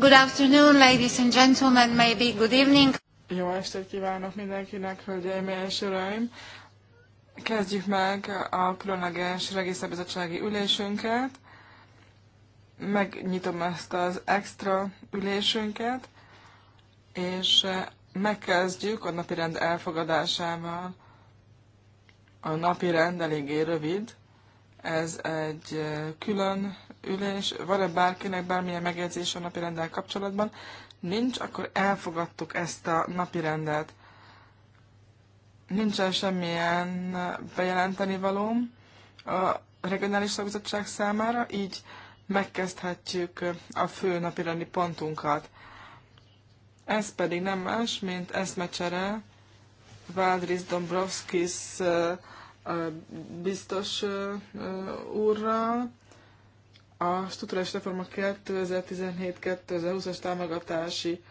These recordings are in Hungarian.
Good afternoon, ladies and gentlemen, maybe good evening. Jó estét kívánok mindenkinek, hölgyeim és uraim! Kezdjük meg a különleges regiszterbizottsági ülésünket. Megnyitom ezt az extra ülésünket, és megkezdjük a napirend elfogadásával. A napirend eléggé rövid, ez egy külön ülés. Van-e bárkinek bármilyen megjegyzés a rendel kapcsolatban? Nincs, akkor elfogadtuk ezt a napirendet. Nincsen semmilyen bejelenteni valóm a regionális szakbizottság számára, így megkezdhetjük a fő napirendi pontunkat. Ez pedig nem más, mint eszmecsere Valdris Dombrovskis biztos úrral. A struktúrás reforma 2017-2020-as támogatási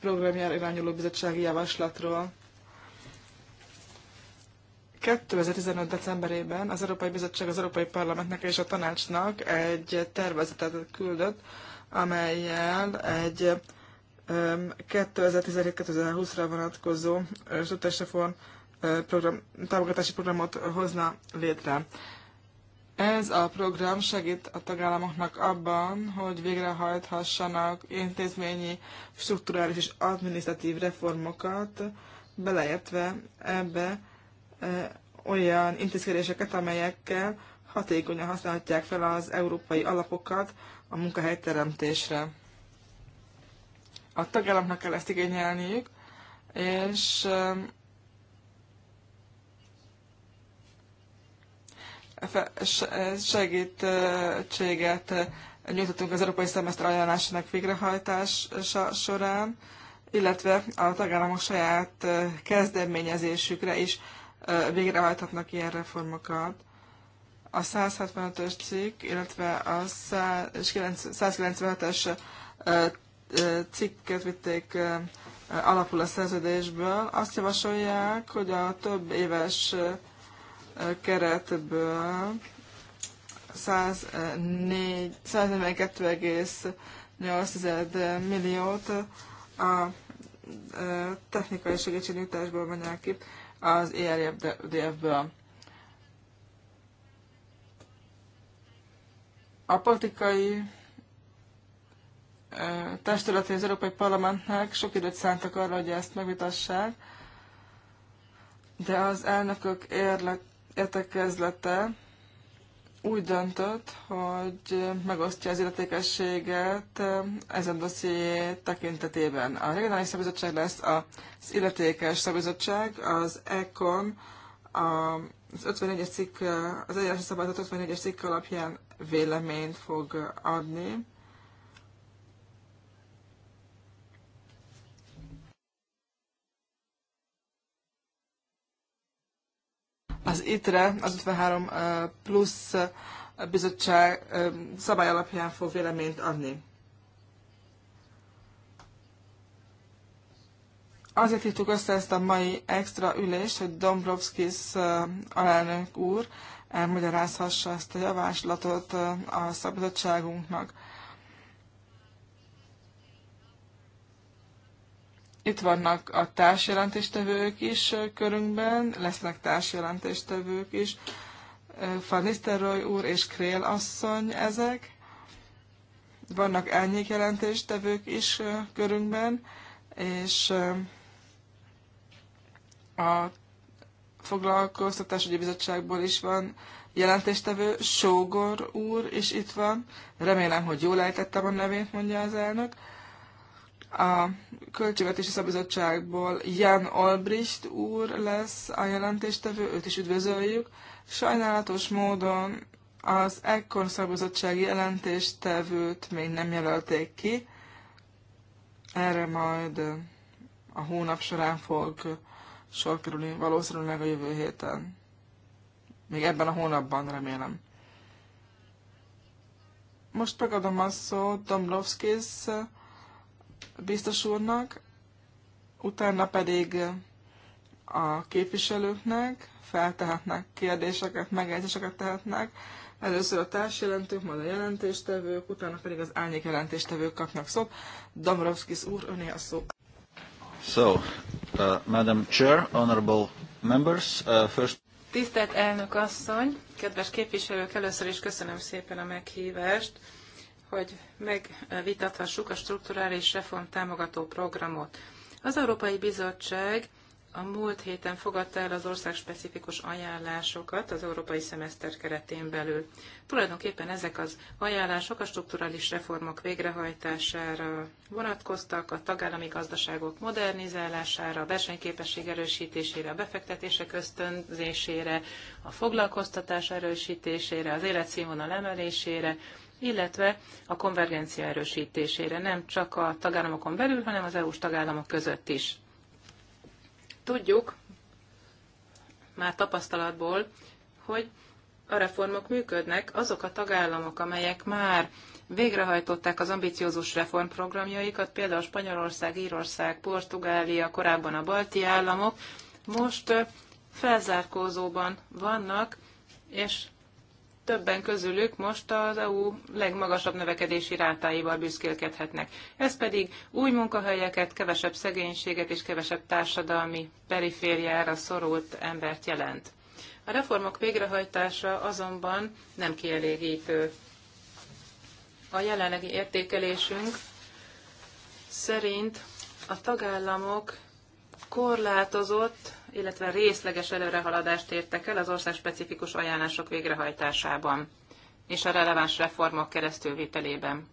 programjára irányuló bizottsági javaslatról. 2015. decemberében az Európai Bizottság az Európai Parlamentnek és a Tanácsnak egy tervezetet küldött, amelyel egy 2017-2020-ra vonatkozó struktúrás reform program, támogatási programot hozna létre. Ez a program segít a tagállamoknak abban, hogy végrehajthassanak intézményi, strukturális és adminisztratív reformokat, beleértve ebbe e, olyan intézkedéseket, amelyekkel hatékonyan használhatják fel az európai alapokat a munkahelyteremtésre. A tagállamnak kell ezt igényelniük, és e, segítséget nyújtottunk az európai szemeszter ajánlásának végrehajtása során, illetve a tagállamok saját kezdeményezésükre is végrehajthatnak ilyen reformokat. A 165-ös cikk, illetve a 197-es cikket vitték alapul a szerződésből. Azt javasolják, hogy a több éves keretből 142,8 milliót a e, technikai segítségnyújtásból menjenek ki az erfdf ből A politikai e, testületén az Európai Parlamentnek sok időt szántak arra, hogy ezt megvitassák, de az elnökök érlek, értekezlete úgy döntött, hogy megosztja az illetékességet eh, ezen dosszié tekintetében. A regionális szabizottság lesz az illetékes szabizottság, az ECON az 54-es cikk, eh, az eljárási szabályzat 54-es cikk alapján véleményt fog adni. Az ITRE az 53 plusz bizottság szabály alapján fog véleményt adni. Azért hívtuk össze ezt a mai extra ülést, hogy Dombrovskis alelnök úr elmagyarázhassa ezt a javaslatot a szabadságunknak. Itt vannak a társjelentéstevők is körünkben, lesznek társjelentéstevők is. Van Nisztelrooy úr és Krél asszony ezek. Vannak árnyékjelentéstevők is körünkben, és a foglalkoztatásügyi bizottságból is van jelentéstevő, Sógor úr is itt van. Remélem, hogy jól ejtettem a nevét, mondja az elnök. A Költségvetési Szabizottságból Jan Albrecht úr lesz a jelentéstevő, őt is üdvözöljük. Sajnálatos módon az Ekkor Szabizottsági jelentéstevőt még nem jelölték ki. Erre majd a hónap során fog sor kerülni, valószínűleg a jövő héten. Még ebben a hónapban, remélem. Most megadom a szót Dombrovskis biztos úrnak, utána pedig a képviselőknek feltehetnek kérdéseket, megjegyzéseket tehetnek. Először a társjelentők, majd a jelentéstevők, utána pedig az árnyék jelentéstevők kapnak szót. Domrovskis úr, öné a szó. So, uh, Madam Chair, honorable members, uh, first... Tisztelt elnök asszony, kedves képviselők, először is köszönöm szépen a meghívást hogy megvitathassuk a strukturális reform támogató programot. Az Európai Bizottság a múlt héten fogadta el az ország specifikus ajánlásokat az európai szemeszter keretén belül. Tulajdonképpen ezek az ajánlások a strukturális reformok végrehajtására vonatkoztak, a tagállami gazdaságok modernizálására, a versenyképesség erősítésére, a befektetések ösztönzésére, a foglalkoztatás erősítésére, az életszínvonal emelésére, illetve a konvergencia erősítésére, nem csak a tagállamokon belül, hanem az EU-s tagállamok között is. Tudjuk már tapasztalatból, hogy a reformok működnek, azok a tagállamok, amelyek már végrehajtották az ambiciózus reformprogramjaikat, például Spanyolország, Írország, Portugália, korábban a balti államok, most felzárkózóban vannak, és többen közülük most az EU legmagasabb növekedési rátáival büszkélkedhetnek. Ez pedig új munkahelyeket, kevesebb szegénységet és kevesebb társadalmi perifériára szorult embert jelent. A reformok végrehajtása azonban nem kielégítő. A jelenlegi értékelésünk szerint a tagállamok korlátozott illetve részleges előrehaladást értek el az ország specifikus ajánlások végrehajtásában és a releváns reformok keresztülvételében.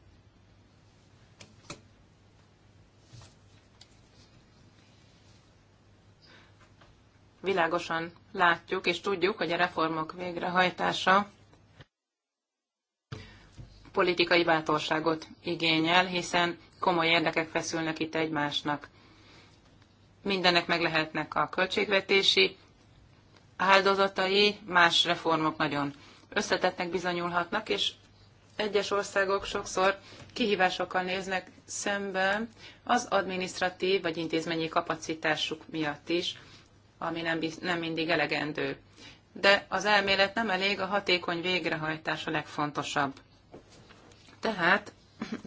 Világosan látjuk és tudjuk, hogy a reformok végrehajtása politikai bátorságot igényel, hiszen komoly érdekek feszülnek itt egymásnak mindennek meg lehetnek a költségvetési áldozatai, más reformok nagyon összetettnek bizonyulhatnak, és egyes országok sokszor kihívásokkal néznek szembe az administratív vagy intézményi kapacitásuk miatt is, ami nem, nem mindig elegendő. De az elmélet nem elég, a hatékony végrehajtás a legfontosabb. Tehát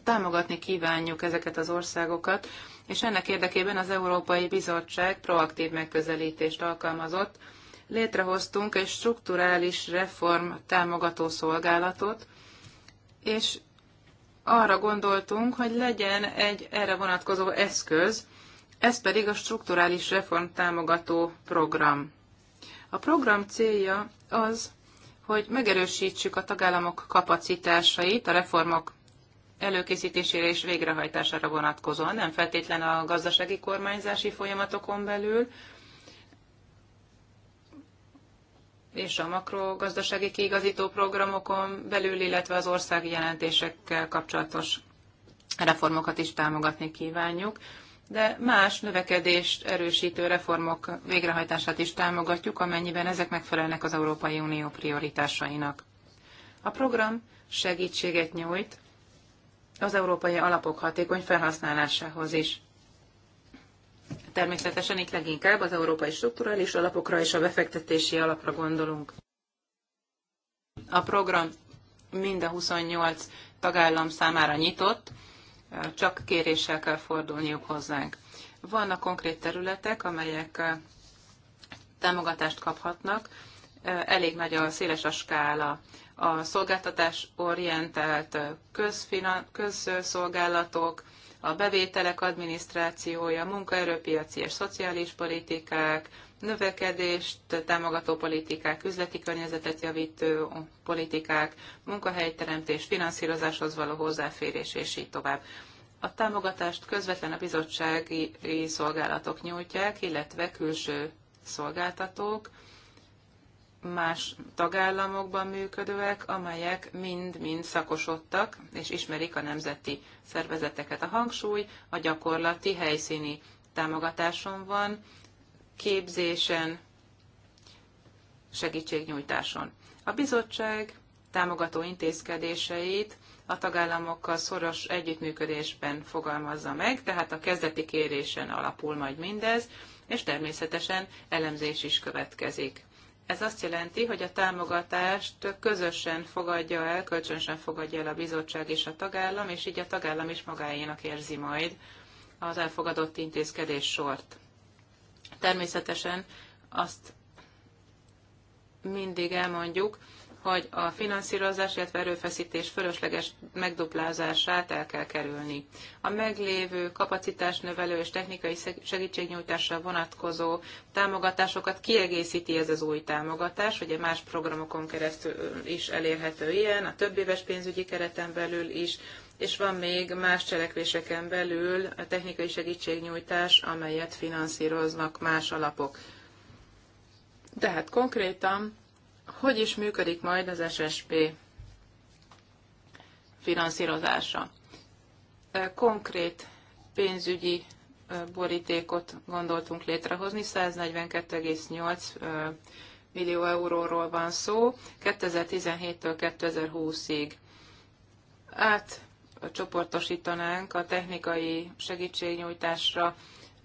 támogatni kívánjuk ezeket az országokat és ennek érdekében az Európai Bizottság proaktív megközelítést alkalmazott. Létrehoztunk egy strukturális reform támogató szolgálatot, és arra gondoltunk, hogy legyen egy erre vonatkozó eszköz, ez pedig a strukturális reform támogató program. A program célja az, hogy megerősítsük a tagállamok kapacitásait a reformok előkészítésére és végrehajtására vonatkozóan, nem feltétlen a gazdasági kormányzási folyamatokon belül, és a makrogazdasági kiigazító programokon belül, illetve az országi jelentésekkel kapcsolatos reformokat is támogatni kívánjuk, de más növekedést erősítő reformok végrehajtását is támogatjuk, amennyiben ezek megfelelnek az Európai Unió prioritásainak. A program segítséget nyújt az európai alapok hatékony felhasználásához is. Természetesen itt leginkább az európai strukturális alapokra és a befektetési alapra gondolunk. A program mind a 28 tagállam számára nyitott, csak kéréssel kell fordulniuk hozzánk. Vannak konkrét területek, amelyek eh, támogatást kaphatnak, eh, elég nagy a széles a skála a szolgáltatás orientált közfinan- közszolgálatok, a bevételek adminisztrációja, munkaerőpiaci és szociális politikák, növekedést támogató politikák, üzleti környezetet javító politikák, munkahelyteremtés, finanszírozáshoz való hozzáférés, és így tovább. A támogatást közvetlen a bizottsági szolgálatok nyújtják, illetve külső szolgáltatók, más tagállamokban működőek, amelyek mind-mind szakosodtak és ismerik a nemzeti szervezeteket. A hangsúly a gyakorlati helyszíni támogatáson van, képzésen, segítségnyújtáson. A bizottság támogató intézkedéseit a tagállamokkal szoros együttműködésben fogalmazza meg, tehát a kezdeti kérésen alapul majd mindez, és természetesen elemzés is következik. Ez azt jelenti, hogy a támogatást közösen fogadja el, kölcsönösen fogadja el a bizottság és a tagállam, és így a tagállam is magáénak érzi majd az elfogadott intézkedés sort. Természetesen azt mindig elmondjuk, hogy a finanszírozás, illetve erőfeszítés fölösleges megduplázását el kell kerülni. A meglévő növelő és technikai segítségnyújtásra vonatkozó támogatásokat kiegészíti ez az új támogatás, ugye más programokon keresztül is elérhető ilyen, a többéves pénzügyi kereten belül is, és van még más cselekvéseken belül a technikai segítségnyújtás, amelyet finanszíroznak más alapok. Tehát konkrétan hogy is működik majd az SSP finanszírozása. Konkrét pénzügyi borítékot gondoltunk létrehozni, 142,8 millió euróról van szó, 2017-től 2020-ig. Át csoportosítanánk a technikai segítségnyújtásra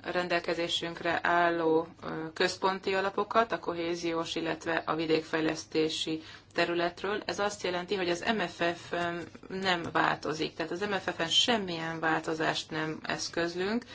rendelkezésünkre álló központi alapokat a kohéziós, illetve a vidékfejlesztési területről. Ez azt jelenti, hogy az MFF nem változik, tehát az MFF-en semmilyen változást nem eszközlünk,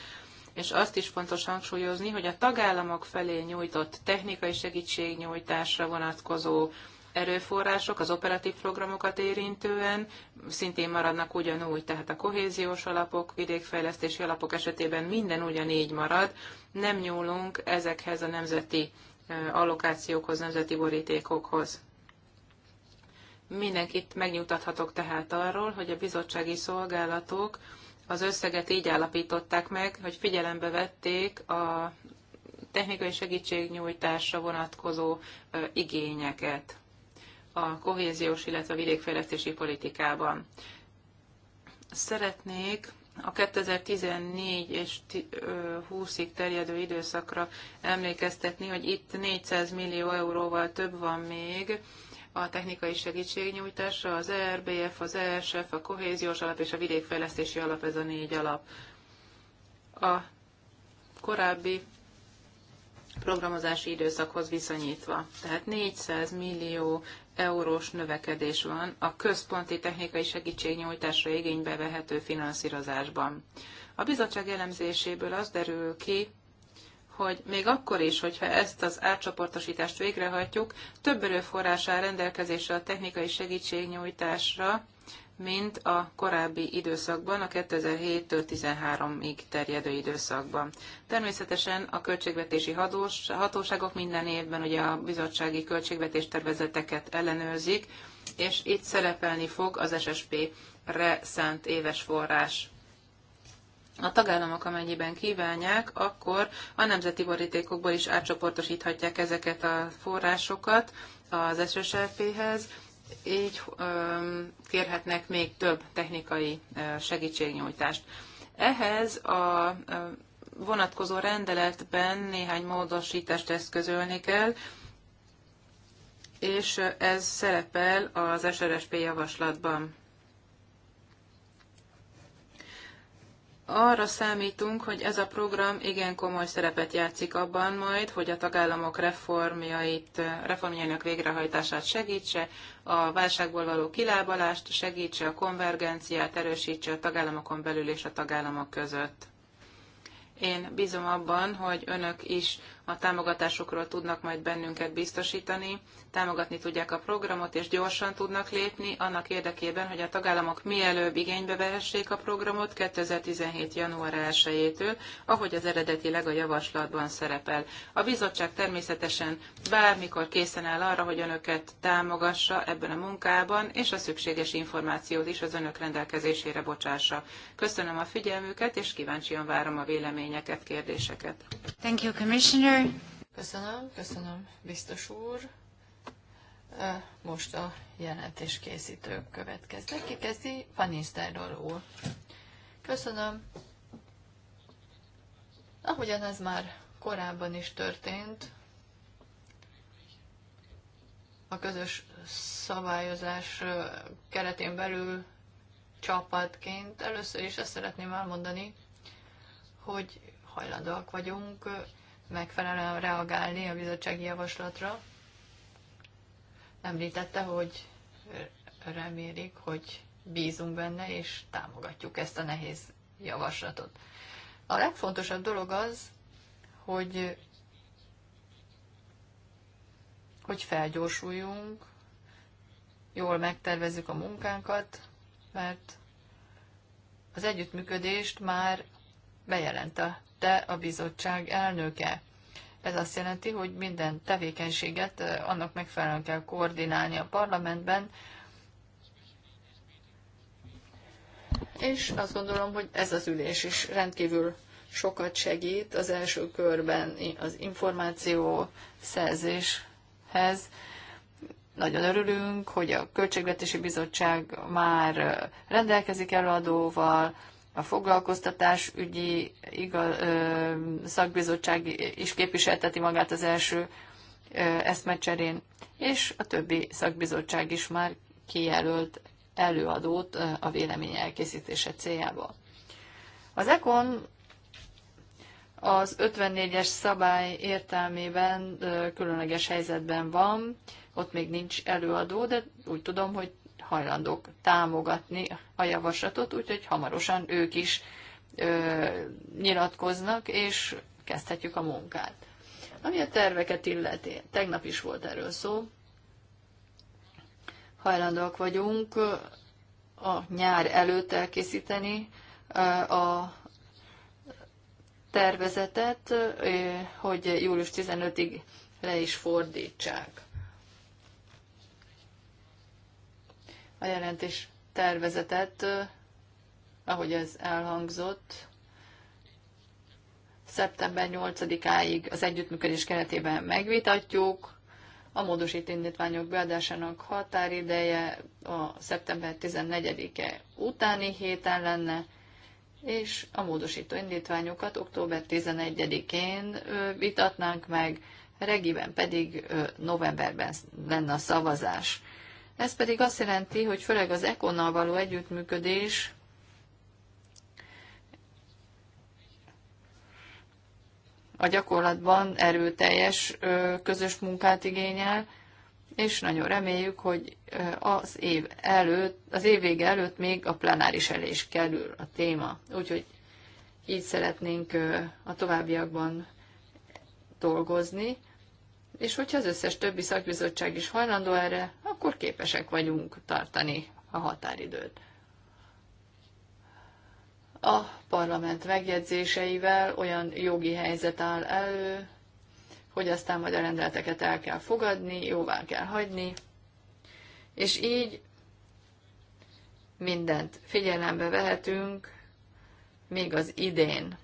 és azt is fontos hangsúlyozni, hogy a tagállamok felé nyújtott technikai segítségnyújtásra vonatkozó erőforrások az operatív programokat érintően szintén maradnak ugyanúgy, tehát a kohéziós alapok, vidékfejlesztési alapok esetében minden ugyanígy marad, nem nyúlunk ezekhez a nemzeti allokációkhoz, nemzeti borítékokhoz. Mindenkit megnyugtathatok tehát arról, hogy a bizottsági szolgálatok az összeget így állapították meg, hogy figyelembe vették a technikai segítségnyújtásra vonatkozó igényeket a kohéziós, illetve a vidékfejlesztési politikában. Szeretnék a 2014 és 20-ig terjedő időszakra emlékeztetni, hogy itt 400 millió euróval több van még a technikai segítségnyújtásra, az ERBF, az ESF, a kohéziós alap és a vidékfejlesztési alap, ez a négy alap. A korábbi programozási időszakhoz viszonyítva. Tehát 400 millió eurós növekedés van a központi technikai segítségnyújtásra igénybe vehető finanszírozásban. A bizottság elemzéséből az derül ki, hogy még akkor is, hogyha ezt az átcsoportosítást végrehajtjuk, több erőforrás áll rendelkezésre a technikai segítségnyújtásra, mint a korábbi időszakban, a 2007-től 13-ig terjedő időszakban. Természetesen a költségvetési hatóságok minden évben ugye a bizottsági költségvetés tervezeteket ellenőrzik, és itt szerepelni fog az SSP-re szánt éves forrás. A tagállamok amennyiben kívánják, akkor a nemzeti borítékokból is átcsoportosíthatják ezeket a forrásokat az SSRP-hez, így kérhetnek még több technikai segítségnyújtást. Ehhez a vonatkozó rendeletben néhány módosítást eszközölni kell, és ez szerepel az SRSP javaslatban. arra számítunk, hogy ez a program igen komoly szerepet játszik abban majd, hogy a tagállamok reformjait, reformjainak végrehajtását segítse, a válságból való kilábalást segítse, a konvergenciát erősítse a tagállamokon belül és a tagállamok között. Én bízom abban, hogy önök is a támogatásukról tudnak majd bennünket biztosítani, támogatni tudják a programot, és gyorsan tudnak lépni annak érdekében, hogy a tagállamok mielőbb igénybe vehessék a programot 2017. január 1-től, ahogy az eredetileg a javaslatban szerepel. A bizottság természetesen bármikor készen áll arra, hogy önöket támogassa ebben a munkában, és a szükséges információt is az önök rendelkezésére bocsássa. Köszönöm a figyelmüket, és kíváncsian várom a véleményeket, kérdéseket. Thank you, Commissioner. Köszönöm, köszönöm, biztos úr. Most a jelentés készítők következnek. Ki kezdi? Fanisztárdor úr. Köszönöm. Ahogyan ez már korábban is történt, a közös szabályozás keretén belül csapatként először is ezt szeretném elmondani, hogy hajlandóak vagyunk megfelelően reagálni a bizottsági javaslatra. Említette, hogy remélik, hogy bízunk benne, és támogatjuk ezt a nehéz javaslatot. A legfontosabb dolog az, hogy, hogy felgyorsuljunk, jól megtervezzük a munkánkat, mert az együttműködést már te a bizottság elnöke. Ez azt jelenti, hogy minden tevékenységet annak megfelelően kell koordinálni a parlamentben, és azt gondolom, hogy ez az ülés is rendkívül sokat segít az első körben az információ szerzéshez. Nagyon örülünk, hogy a Költségvetési Bizottság már rendelkezik előadóval, a foglalkoztatás ügyi igaz, ö, szakbizottság is képviselteti magát az első ö, eszmecserén, és a többi szakbizottság is már kijelölt előadót a vélemény elkészítése céljából. Az ECON az 54-es szabály értelmében különleges helyzetben van, ott még nincs előadó, de úgy tudom, hogy hajlandók támogatni a javaslatot, úgyhogy hamarosan ők is ö, nyilatkoznak, és kezdhetjük a munkát. Ami a terveket illeti, tegnap is volt erről szó, hajlandóak vagyunk a nyár előtt elkészíteni a tervezetet, hogy július 15-ig le is fordítsák. a jelentés tervezetet, ahogy ez elhangzott, szeptember 8-áig az együttműködés keretében megvitatjuk. A módosít indítványok beadásának határideje a szeptember 14-e utáni héten lenne, és a módosító indítványokat október 11-én vitatnánk meg, regiben pedig novemberben lenne a szavazás. Ez pedig azt jelenti, hogy főleg az ekonnal való együttműködés a gyakorlatban erőteljes közös munkát igényel, és nagyon reméljük, hogy az év előtt, az év vége előtt még a plenáris elé is kerül a téma. Úgyhogy így szeretnénk a továbbiakban dolgozni és hogyha az összes többi szakbizottság is hajlandó erre, akkor képesek vagyunk tartani a határidőt. A parlament megjegyzéseivel olyan jogi helyzet áll elő, hogy aztán majd a rendeleteket el kell fogadni, jóvá kell hagyni, és így mindent figyelembe vehetünk, még az idén.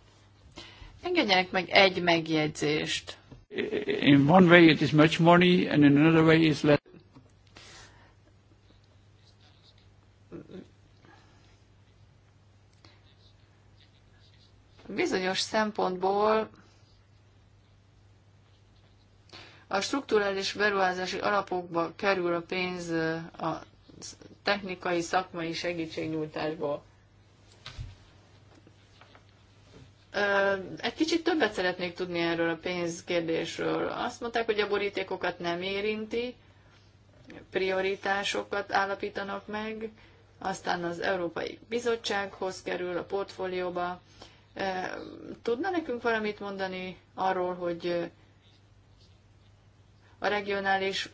Engedjenek meg egy megjegyzést – in one way it is much money and in another way it's less. Bizonyos szempontból a strukturális beruházási alapokba kerül a pénz a technikai, szakmai segítségnyújtásból. egy kicsit többet szeretnék tudni erről a pénzkérdésről. Azt mondták, hogy a borítékokat nem érinti, prioritásokat állapítanak meg, aztán az Európai Bizottsághoz kerül a portfólióba. Tudna nekünk valamit mondani arról, hogy a regionális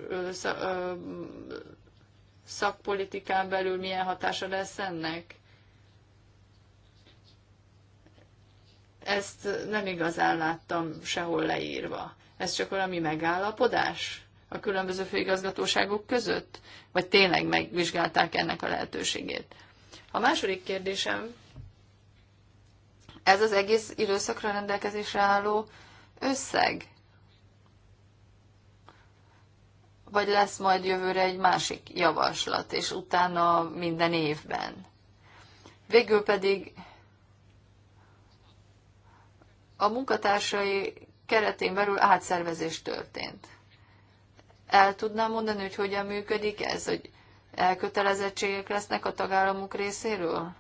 szakpolitikán belül milyen hatása lesz ennek? ezt nem igazán láttam sehol leírva. Ez csak valami megállapodás a különböző főigazgatóságok között? Vagy tényleg megvizsgálták ennek a lehetőségét? A második kérdésem, ez az egész időszakra rendelkezésre álló összeg? Vagy lesz majd jövőre egy másik javaslat, és utána minden évben? Végül pedig a munkatársai keretén belül átszervezés történt. El tudnám mondani, hogy hogyan működik ez, hogy elkötelezettségek lesznek a tagállamok részéről?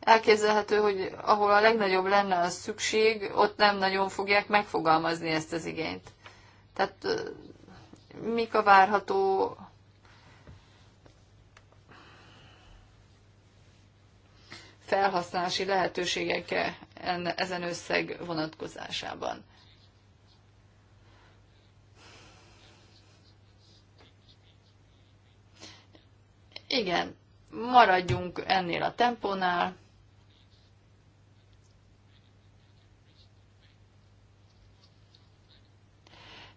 Elképzelhető, hogy ahol a legnagyobb lenne a szükség, ott nem nagyon fogják megfogalmazni ezt az igényt. Tehát mik a várható felhasználási lehetőségek ezen összeg vonatkozásában. Igen, maradjunk ennél a tempónál.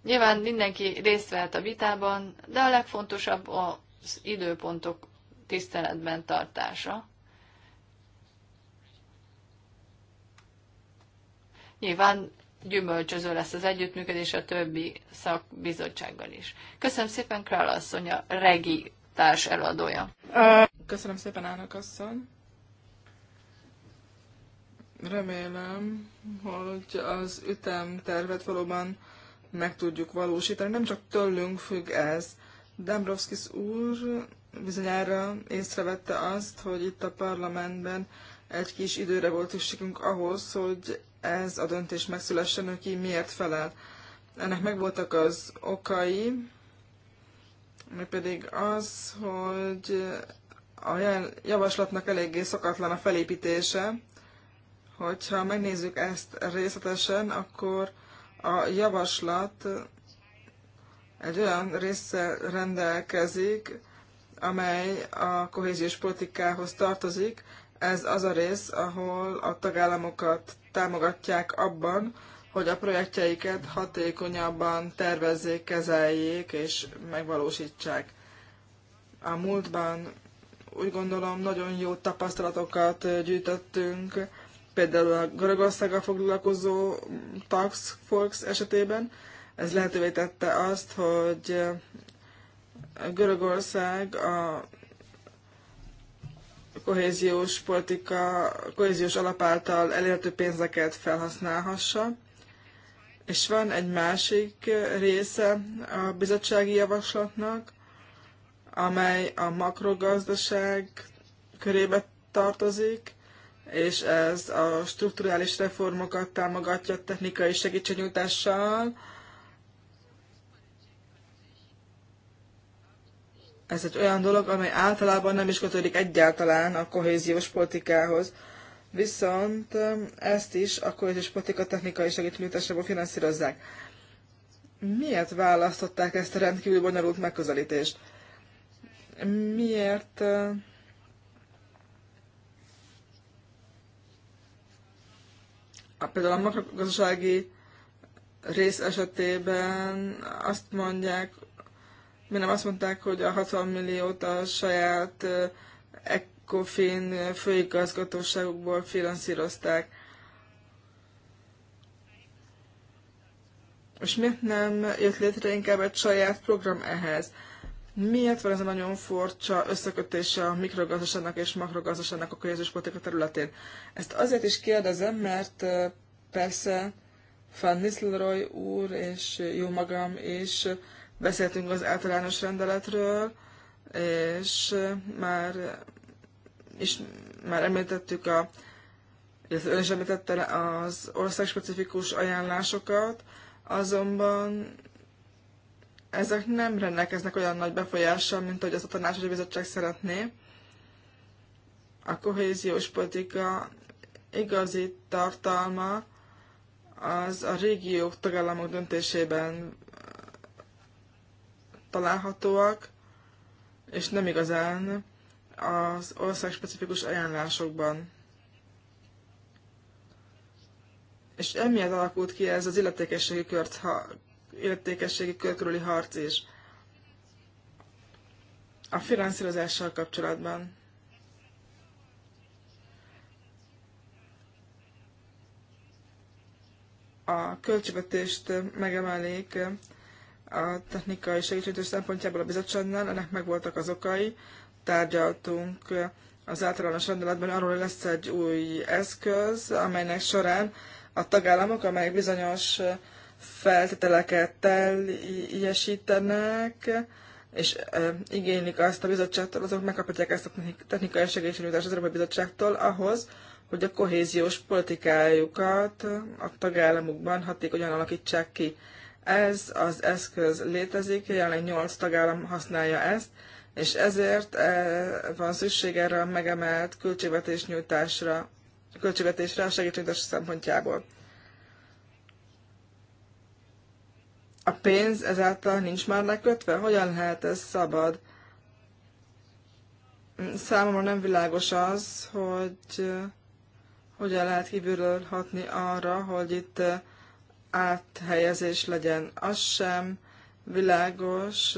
Nyilván mindenki részt vehet a vitában, de a legfontosabb az időpontok tiszteletben tartása. Nyilván gyümölcsöző lesz az együttműködés a többi szakbizottsággal is. Köszönöm szépen, Král asszony, a regi társ eladója. Köszönöm szépen, Ának asszony. Remélem, hogy az ütemtervet valóban meg tudjuk valósítani. Nem csak tőlünk függ ez. Dembrovskis úr bizonyára észrevette azt, hogy itt a parlamentben egy kis időre volt szükségünk ahhoz, hogy ez a döntés megszülessen, ő ki miért felel. Ennek megvoltak az okai, mi pedig az, hogy a javaslatnak eléggé szokatlan a felépítése, hogyha megnézzük ezt részletesen, akkor a javaslat egy olyan része rendelkezik, amely a kohéziós politikához tartozik. Ez az a rész, ahol a tagállamokat támogatják abban, hogy a projektjeiket hatékonyabban tervezzék, kezeljék és megvalósítsák. A múltban úgy gondolom nagyon jó tapasztalatokat gyűjtöttünk, például a Görögországgal foglalkozó Tax Forks esetében. Ez lehetővé tette azt, hogy Görögország a kohéziós politika, kohéziós alapáltal elérhető pénzeket felhasználhassa. És van egy másik része a bizottsági javaslatnak, amely a makrogazdaság körébe tartozik, és ez a strukturális reformokat támogatja technikai segítségnyújtással, Ez egy olyan dolog, amely általában nem is kötődik egyáltalán a kohéziós politikához. Viszont ezt is a kohéziós politika technikai segítségnyújtásából finanszírozzák. Miért választották ezt a rendkívül bonyolult megközelítést? Miért a, például a makrogazdasági rész esetében azt mondják, mi nem azt mondták, hogy a 60 milliót a saját ECOFIN főigazgatóságukból finanszírozták. És miért nem jött létre inkább egy saját program ehhez? Miért van ez a nagyon furcsa összekötése a mikrogazdaságnak és makrogazdaságnak a közös politika területén? Ezt azért is kérdezem, mert persze Van Nistelrooy úr és jó magam is beszéltünk az általános rendeletről, és már, és már említettük a, illetve ön is említette az országspecifikus ajánlásokat, azonban ezek nem rendelkeznek olyan nagy befolyással, mint ahogy az a tanácsadó bizottság szeretné. A kohéziós politika igazi tartalma az a régiók tagállamok döntésében találhatóak, és nem igazán az ország specifikus ajánlásokban. És emiatt alakult ki ez az illetékességi, kört, ha, illetékességi kör körüli harc is. A finanszírozással kapcsolatban. A költségvetést megemelik a technikai segítségnyújtás szempontjából a bizottságnál, ennek megvoltak az okai. Tárgyaltunk az általános rendeletben arról, hogy lesz egy új eszköz, amelynek során a tagállamok, amelyek bizonyos feltételeket teljesítenek, és igénylik azt a bizottságtól, azok megkaphatják ezt a technikai segítségnyújtást az Európai Bizottságtól ahhoz, hogy a kohéziós politikájukat a tagállamukban hatékonyan alakítsák ki. Ez az eszköz létezik, jelen 8 tagállam használja ezt, és ezért eh, van szükség erre a megemelt költségvetésnyújtásra, költségvetésre a segítségnyújtás szempontjából. A pénz ezáltal nincs már lekötve? Hogyan lehet ez szabad? Számomra nem világos az, hogy eh, hogyan lehet kívülről hatni arra, hogy itt eh, áthelyezés legyen. Az sem világos,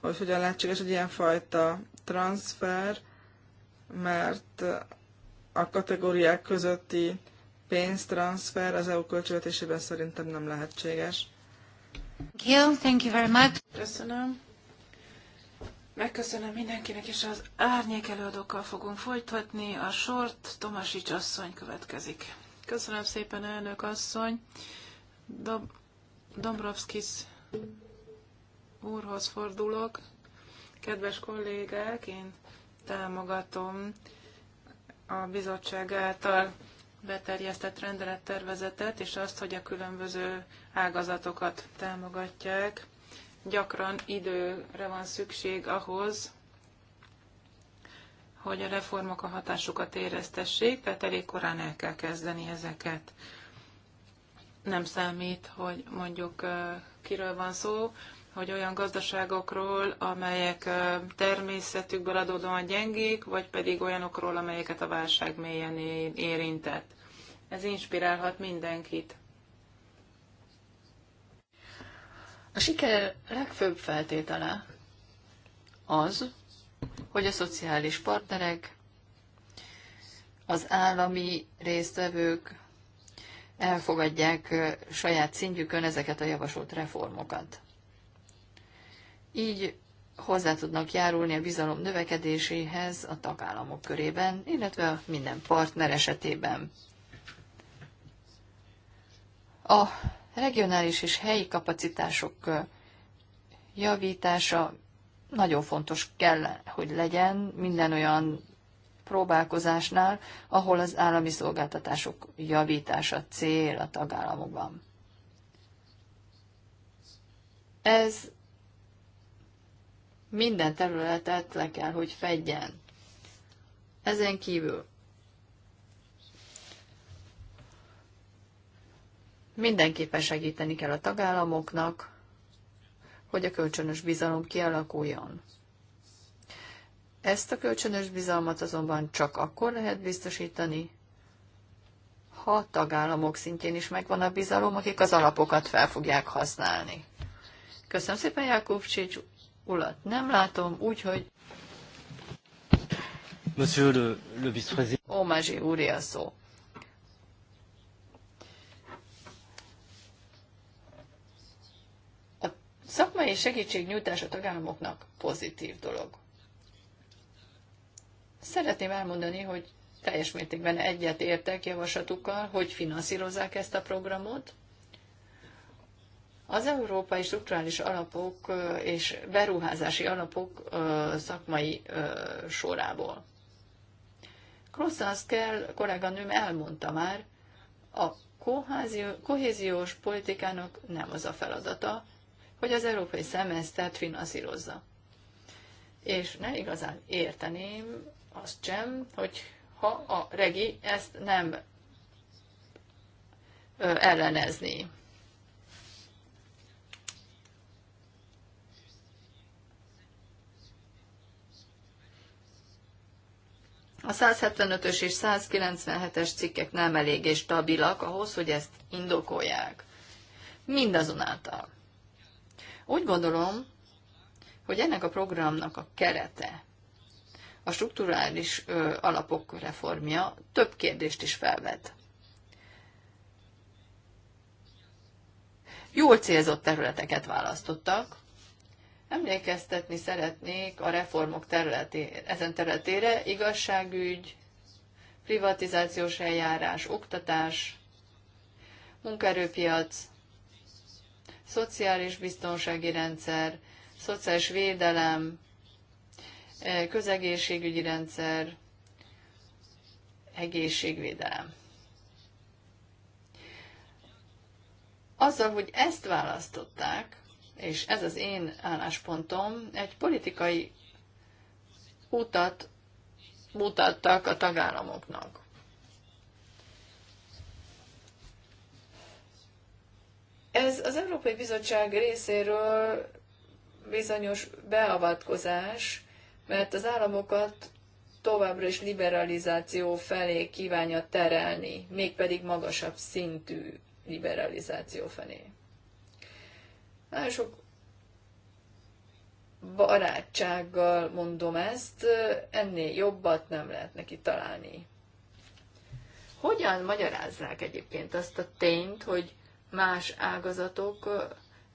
hogy hogyan lehetséges egy ilyen fajta transfer, mert a kategóriák közötti pénztranszfer az EU költségvetésében szerintem nem lehetséges. Thank thank you very much. Köszönöm. Megköszönöm mindenkinek, és az árnyék előadókkal fogunk folytatni. A sort Tomasics asszony következik. Köszönöm szépen, elnök asszony. Dob- Dombrovskis úrhoz fordulok. Kedves kollégák, én támogatom a bizottság által beterjesztett rendelettervezetet, és azt, hogy a különböző ágazatokat támogatják. Gyakran időre van szükség ahhoz, hogy a reformok a hatásukat éreztessék, tehát elég korán el kell kezdeni ezeket nem számít, hogy mondjuk kiről van szó, hogy olyan gazdaságokról, amelyek természetükből adódóan gyengék, vagy pedig olyanokról, amelyeket a válság mélyen érintett. Ez inspirálhat mindenkit. A siker legfőbb feltétele az, hogy a szociális partnerek, az állami résztvevők, elfogadják saját szintjükön ezeket a javasolt reformokat. Így hozzá tudnak járulni a bizalom növekedéséhez a tagállamok körében, illetve a minden partner esetében. A regionális és helyi kapacitások javítása nagyon fontos kell, hogy legyen minden olyan próbálkozásnál, ahol az állami szolgáltatások javítása cél a tagállamokban. Ez minden területet le kell, hogy fedjen. Ezen kívül mindenképpen segíteni kell a tagállamoknak, hogy a kölcsönös bizalom kialakuljon ezt a kölcsönös bizalmat azonban csak akkor lehet biztosítani, ha a tagállamok szintjén is megvan a bizalom, akik az alapokat fel fogják használni. Köszönöm szépen, Jakubcsics urat nem látom, úgyhogy... Monsieur le, le vice-président. Omázsi úri a szó. A szakmai segítségnyújtás a tagállamoknak pozitív dolog. Szeretném elmondani, hogy teljes mértékben egyet értek javaslatukkal, hogy finanszírozzák ezt a programot. Az európai strukturális alapok és beruházási alapok szakmai sorából. kell, kolléganőm elmondta már, a kohéziós politikának nem az a feladata, hogy az európai szemesztert finanszírozza. És ne igazán érteném, azt sem, hogy ha a regi ezt nem ellenezni. A 175-ös és 197-es cikkek nem eléggé stabilak ahhoz, hogy ezt indokolják. Mindazonáltal. Úgy gondolom, hogy ennek a programnak a kerete a strukturális alapok reformja több kérdést is felvet. Jól célzott területeket választottak, emlékeztetni szeretnék a reformok területé, ezen területére, igazságügy, privatizációs eljárás, oktatás, munkaerőpiac, szociális biztonsági rendszer, szociális védelem, közegészségügyi rendszer, egészségvédelem. Azzal, hogy ezt választották, és ez az én álláspontom, egy politikai utat mutattak a tagállamoknak. Ez az Európai Bizottság részéről bizonyos beavatkozás, mert az államokat továbbra is liberalizáció felé kívánja terelni, mégpedig magasabb szintű liberalizáció felé. Nagyon sok barátsággal mondom ezt, ennél jobbat nem lehet neki találni. Hogyan magyarázzák egyébként azt a tényt, hogy más ágazatok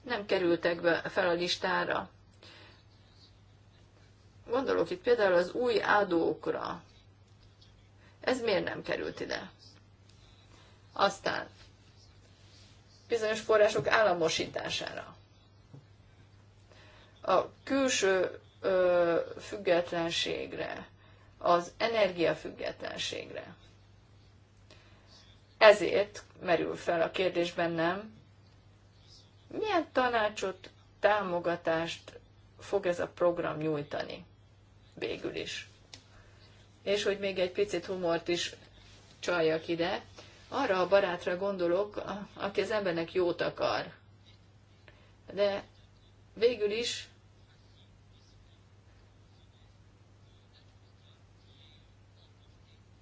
nem kerültek be fel a listára? Gondolok itt például az új adókra. Ez miért nem került ide? Aztán bizonyos források államosítására. A külső ö, függetlenségre, az energiafüggetlenségre. Ezért merül fel a kérdés bennem, milyen tanácsot, támogatást fog ez a program nyújtani végül is. És hogy még egy picit humort is csaljak ide, arra a barátra gondolok, aki az embernek jót akar. De végül is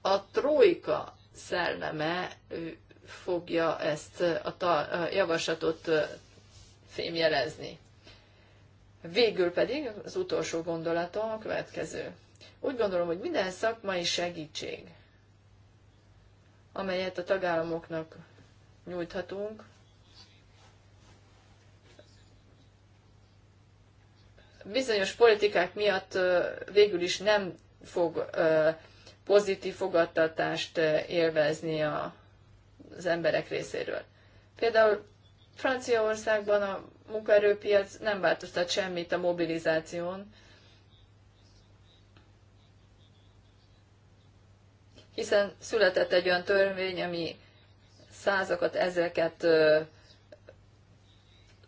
a trójka szelleme fogja ezt a javaslatot fémjelezni. Végül pedig az utolsó gondolatom a következő. Úgy gondolom, hogy minden szakmai segítség, amelyet a tagállamoknak nyújthatunk, bizonyos politikák miatt végül is nem fog pozitív fogadtatást élvezni az emberek részéről. Például Franciaországban a munkaerőpiac nem változtat semmit a mobilizáción, hiszen született egy olyan törvény, ami százakat, ezeket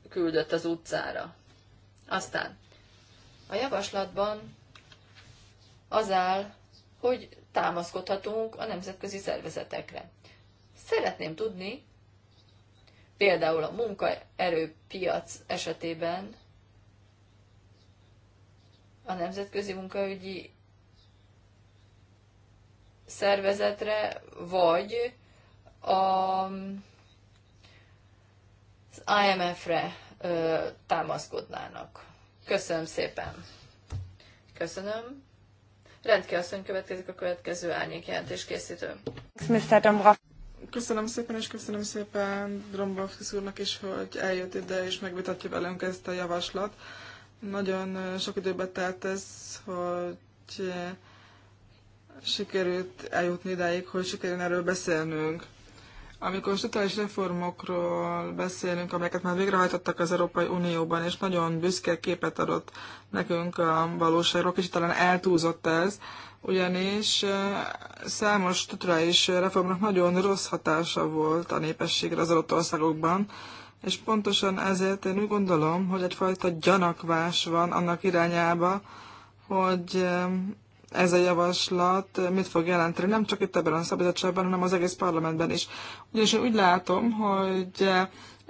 küldött az utcára. Aztán a javaslatban az áll, hogy támaszkodhatunk a nemzetközi szervezetekre. Szeretném tudni, például a munkaerőpiac esetében a Nemzetközi Munkaügyi Szervezetre, vagy a, az IMF-re támaszkodnának. Köszönöm szépen. Köszönöm. Rendkívül asszony következik a következő árnyékjelentés készítő. Köszönöm szépen, és köszönöm szépen Drombovszki úrnak is, hogy eljött ide, és megvitatja velünk ezt a javaslat. Nagyon sok időbe telt ez, hogy sikerült eljutni ideig, hogy sikerül erről beszélnünk. Amikor struktúrális reformokról beszélünk, amelyeket már végrehajtottak az Európai Unióban, és nagyon büszke képet adott nekünk a valóságról, kicsit talán eltúzott ez, ugyanis számos strukturális reformnak nagyon rossz hatása volt a népességre az adott országokban, és pontosan ezért én úgy gondolom, hogy egyfajta gyanakvás van annak irányába, hogy ez a javaslat mit fog jelenteni, nem csak itt ebben a szabadságban, hanem az egész parlamentben is. Ugyanis én úgy látom, hogy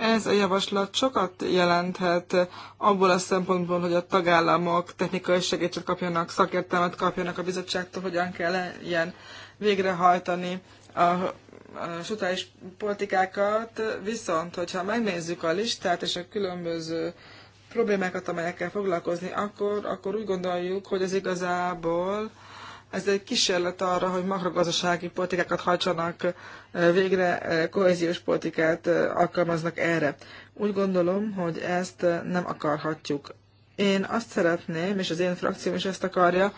ez a javaslat sokat jelenthet abból a szempontból, hogy a tagállamok technikai segítséget kapjanak, szakértelmet kapjanak a bizottságtól, hogyan kell ilyen végrehajtani a sutális politikákat, viszont hogyha megnézzük a listát és a különböző problémákat, amelyekkel foglalkozni, akkor, akkor úgy gondoljuk, hogy ez igazából ez egy kísérlet arra, hogy makrogazdasági politikákat hajtsanak végre, kohéziós politikát alkalmaznak erre. Úgy gondolom, hogy ezt nem akarhatjuk. Én azt szeretném, és az én frakcióm is ezt akarja,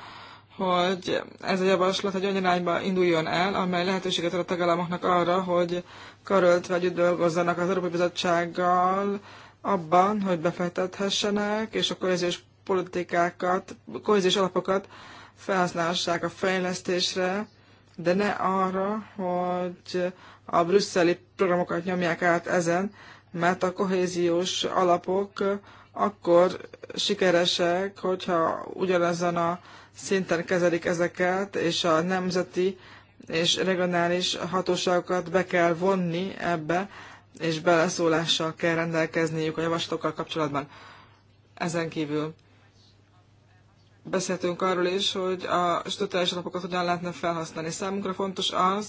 hogy ez a javaslat egy olyan irányba induljon el, amely lehetőséget ad a tagállamoknak arra, hogy karöltve együtt dolgozzanak az Európai Bizottsággal abban, hogy befektethessenek, és a kohéziós politikákat, kohéziós alapokat felhasználhassák a fejlesztésre, de ne arra, hogy a brüsszeli programokat nyomják át ezen, mert a kohéziós alapok akkor sikeresek, hogyha ugyanezen a szinten kezelik ezeket, és a nemzeti és regionális hatóságokat be kell vonni ebbe, és beleszólással kell rendelkezniük a javaslatokkal kapcsolatban. Ezen kívül beszéltünk arról is, hogy a struktúrális alapokat hogyan lehetne felhasználni. Számunkra fontos az,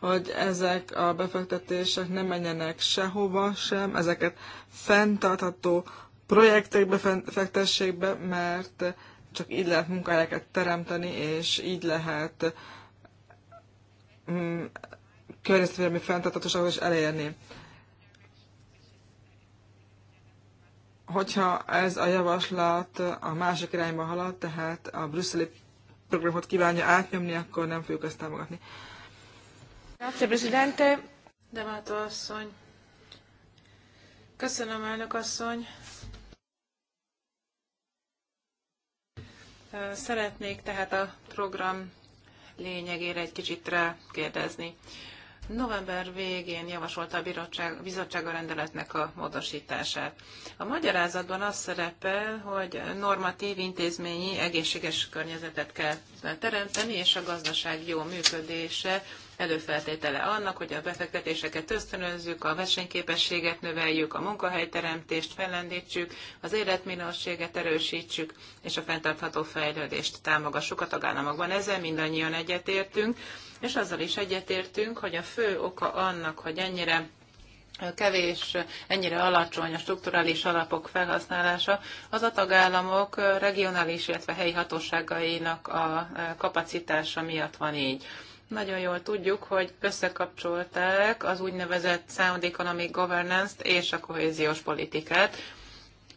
hogy ezek a befektetések nem menjenek sehova sem, ezeket fenntartható projektekbe fektessék be, mert csak így lehet munkahelyeket teremteni, és így lehet mm, környezetvédelmi fenntartatóságot is elérni. Hogyha ez a javaslat a másik irányba halad, tehát a brüsszeli programot kívánja átnyomni, akkor nem fogjuk ezt támogatni. Grazie, Presidente. Demato asszony. Köszönöm, elnök asszony. Szeretnék tehát a program lényegére egy kicsit rá kérdezni november végén javasolta a bizottság, bizottság a rendeletnek a módosítását. A magyarázatban az szerepel, hogy normatív intézményi egészséges környezetet kell teremteni, és a gazdaság jó működése előfeltétele annak, hogy a befektetéseket ösztönözzük, a versenyképességet növeljük, a munkahelyteremtést fellendítsük, az életminőséget erősítsük, és a fenntartható fejlődést támogassuk a tagállamokban. Ezzel mindannyian egyetértünk, és azzal is egyetértünk, hogy a fő oka annak, hogy ennyire kevés, ennyire alacsony a strukturális alapok felhasználása, az a tagállamok regionális, illetve helyi hatóságainak a kapacitása miatt van így. Nagyon jól tudjuk, hogy összekapcsolták az úgynevezett Sound Economic Governance-t és a kohéziós politikát,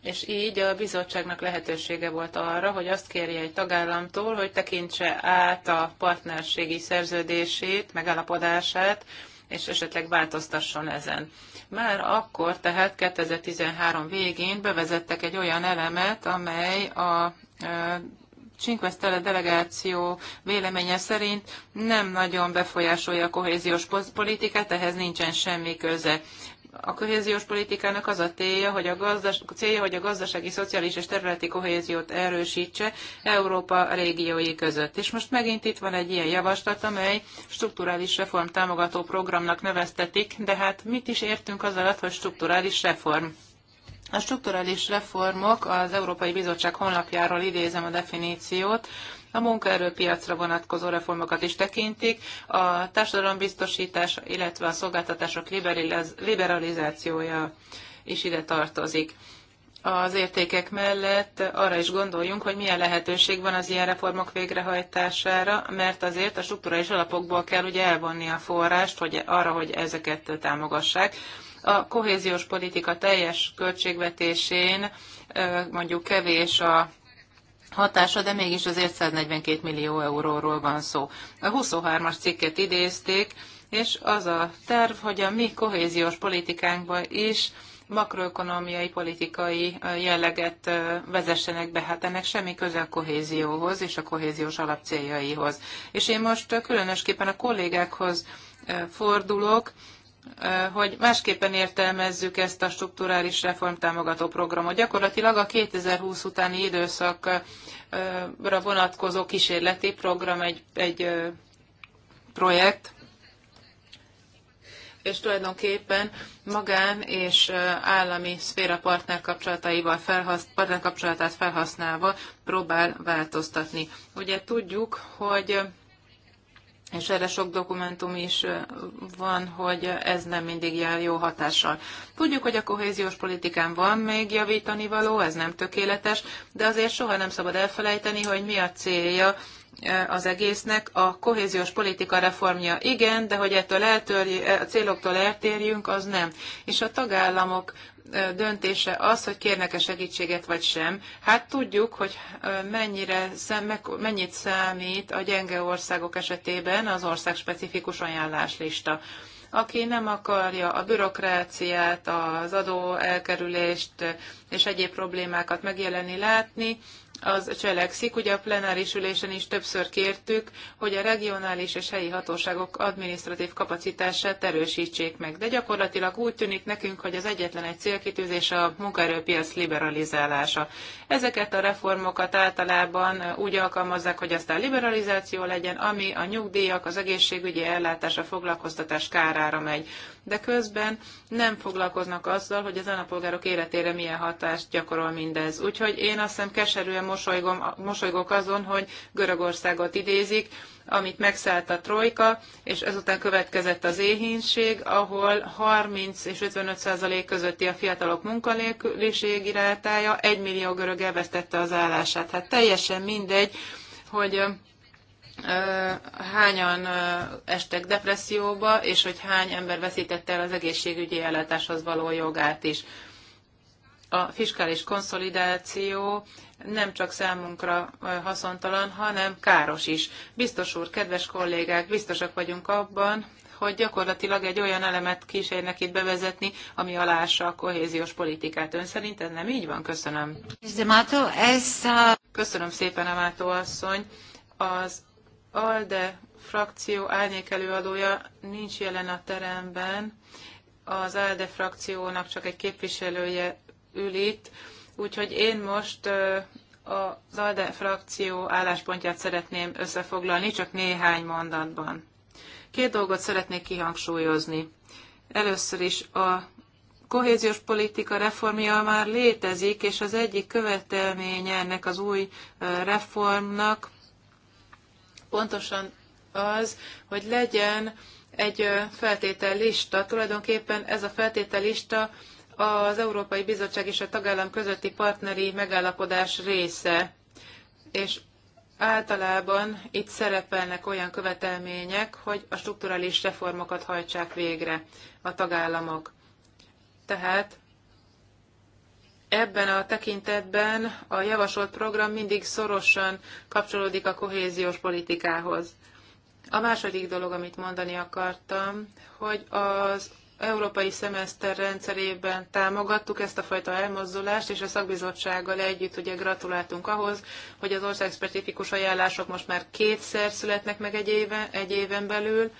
és így a bizottságnak lehetősége volt arra, hogy azt kérje egy tagállamtól, hogy tekintse át a partnerségi szerződését, megállapodását, és esetleg változtasson ezen. Már akkor, tehát 2013 végén bevezettek egy olyan elemet, amely a e, Csinkvesztele delegáció véleménye szerint nem nagyon befolyásolja a kohéziós politikát, ehhez nincsen semmi köze a kohéziós politikának az a célja, hogy a, gazdas, célja, hogy a gazdasági, szociális és területi kohéziót erősítse Európa régiói között. És most megint itt van egy ilyen javaslat, amely strukturális reform támogató programnak neveztetik, de hát mit is értünk az alatt, hogy strukturális reform? A strukturális reformok az Európai Bizottság honlapjáról idézem a definíciót, a munkaerőpiacra vonatkozó reformokat is tekintik, a társadalombiztosítás, illetve a szolgáltatások liberalizációja is ide tartozik az értékek mellett arra is gondoljunk, hogy milyen lehetőség van az ilyen reformok végrehajtására, mert azért a struktúrális alapokból kell ugye elvonni a forrást hogy arra, hogy ezeket támogassák. A kohéziós politika teljes költségvetésén mondjuk kevés a hatása, de mégis az 142 millió euróról van szó. A 23-as cikket idézték, és az a terv, hogy a mi kohéziós politikánkba is makroökonomiai, politikai jelleget vezessenek be, hát ennek semmi közel kohézióhoz és a kohéziós alapcéljaihoz. És én most különösképpen a kollégákhoz fordulok, hogy másképpen értelmezzük ezt a strukturális reformtámogató programot. Gyakorlatilag a 2020 utáni időszakra vonatkozó kísérleti program egy, egy projekt, és tulajdonképpen magán és állami szféra partner kapcsolataival felhasz, partner kapcsolatát felhasználva próbál változtatni. Ugye tudjuk, hogy és erre sok dokumentum is van, hogy ez nem mindig jár jó hatással. Tudjuk, hogy a kohéziós politikán van még javítani való, ez nem tökéletes, de azért soha nem szabad elfelejteni, hogy mi a célja az egésznek. A kohéziós politika reformja igen, de hogy ettől eltörj, a céloktól eltérjünk, az nem. És a tagállamok döntése az, hogy kérnek-e segítséget vagy sem. Hát tudjuk, hogy mennyire, mennyit számít a gyenge országok esetében az ország specifikus ajánláslista. Aki nem akarja a bürokráciát, az adó elkerülést és egyéb problémákat megjelenni látni, az cselekszik. Ugye a plenáris ülésen is többször kértük, hogy a regionális és helyi hatóságok adminisztratív kapacitását erősítsék meg. De gyakorlatilag úgy tűnik nekünk, hogy az egyetlen egy célkitűzés a munkaerőpiac liberalizálása. Ezeket a reformokat általában úgy alkalmazzák, hogy aztán liberalizáció legyen, ami a nyugdíjak, az egészségügyi ellátás, a foglalkoztatás kárára megy. De közben nem foglalkoznak azzal, hogy az állampolgárok életére milyen hatást gyakorol mindez. Úgyhogy én azt hiszem keserűen mosolygom, mosolygok azon, hogy Görögországot idézik, amit megszállt a trojka, és ezután következett az éhínség, ahol 30 és 55 százalék közötti a fiatalok munkanélküliségi rátája, egy millió görög elvesztette az állását. Hát teljesen mindegy, hogy hányan estek depresszióba, és hogy hány ember veszítette el az egészségügyi ellátáshoz való jogát is. A fiskális konszolidáció nem csak számunkra haszontalan, hanem káros is. Biztos úr, kedves kollégák, biztosak vagyunk abban, hogy gyakorlatilag egy olyan elemet kísérnek itt bevezetni, ami alássa a kohéziós politikát. Ön szerint ez nem így van? Köszönöm. Köszönöm szépen, Amátó asszony. Az ALDE frakció árnyékelőadója nincs jelen a teremben. Az ALDE frakciónak csak egy képviselője ül itt. Úgyhogy én most az ALDE frakció álláspontját szeretném összefoglalni, csak néhány mondatban. Két dolgot szeretnék kihangsúlyozni. Először is a kohéziós politika reformja már létezik, és az egyik követelménye ennek az új reformnak pontosan az, hogy legyen egy feltétellista. Tulajdonképpen ez a feltétellista az Európai Bizottság és a tagállam közötti partneri megállapodás része, és általában itt szerepelnek olyan követelmények, hogy a strukturális reformokat hajtsák végre a tagállamok. Tehát ebben a tekintetben a javasolt program mindig szorosan kapcsolódik a kohéziós politikához. A második dolog, amit mondani akartam, hogy az európai szemeszter rendszerében támogattuk ezt a fajta elmozdulást, és a szakbizottsággal együtt ugye gratuláltunk ahhoz, hogy az országspecifikus ajánlások most már kétszer születnek meg egy éven, egy éven belül,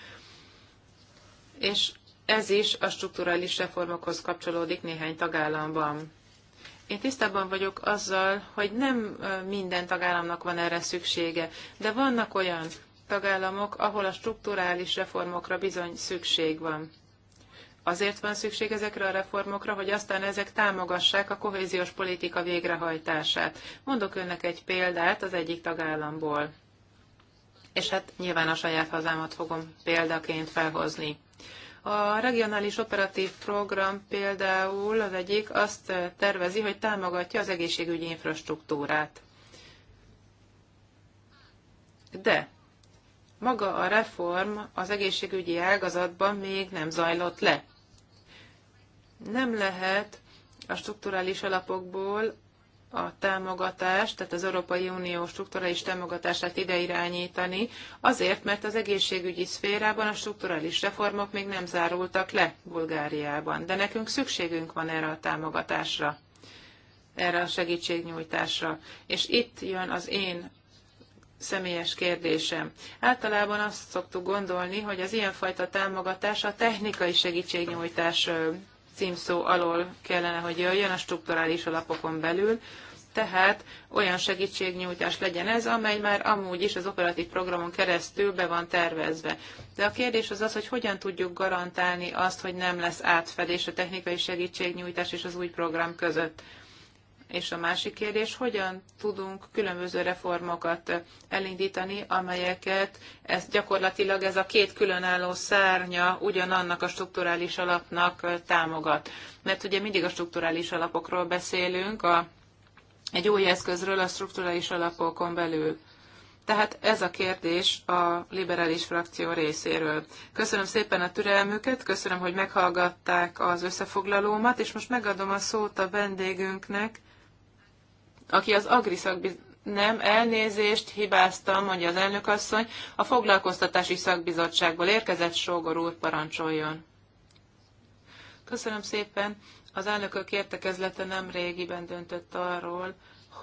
és ez is a strukturális reformokhoz kapcsolódik néhány tagállamban. Én tisztában vagyok azzal, hogy nem minden tagállamnak van erre szüksége, de vannak olyan tagállamok, ahol a strukturális reformokra bizony szükség van. Azért van szükség ezekre a reformokra, hogy aztán ezek támogassák a kohéziós politika végrehajtását. Mondok önnek egy példát az egyik tagállamból. És hát nyilván a saját hazámat fogom példaként felhozni. A regionális operatív program például az egyik azt tervezi, hogy támogatja az egészségügyi infrastruktúrát. De maga a reform az egészségügyi ágazatban még nem zajlott le nem lehet a strukturális alapokból a támogatást, tehát az Európai Unió strukturális támogatását ide irányítani, azért, mert az egészségügyi szférában a strukturális reformok még nem zárultak le Bulgáriában. De nekünk szükségünk van erre a támogatásra, erre a segítségnyújtásra. És itt jön az én személyes kérdésem. Általában azt szoktuk gondolni, hogy az ilyenfajta támogatás a technikai segítségnyújtás címszó alól kellene, hogy jöjjön a strukturális alapokon belül, tehát olyan segítségnyújtás legyen ez, amely már amúgy is az operatív programon keresztül be van tervezve. De a kérdés az az, hogy hogyan tudjuk garantálni azt, hogy nem lesz átfedés a technikai segítségnyújtás és az új program között. És a másik kérdés, hogyan tudunk különböző reformokat elindítani, amelyeket ez gyakorlatilag ez a két különálló szárnya ugyanannak a strukturális alapnak támogat. Mert ugye mindig a strukturális alapokról beszélünk, a, egy új eszközről a strukturális alapokon belül. Tehát ez a kérdés a liberális frakció részéről. Köszönöm szépen a türelmüket, köszönöm, hogy meghallgatták az összefoglalómat, és most megadom a szót a vendégünknek, aki az Agriszakbiz... Nem, elnézést, hibáztam, mondja az elnökasszony. A foglalkoztatási szakbizottságból érkezett Sógor úr parancsoljon. Köszönöm szépen. Az elnökök értekezlete nem régiben döntött arról,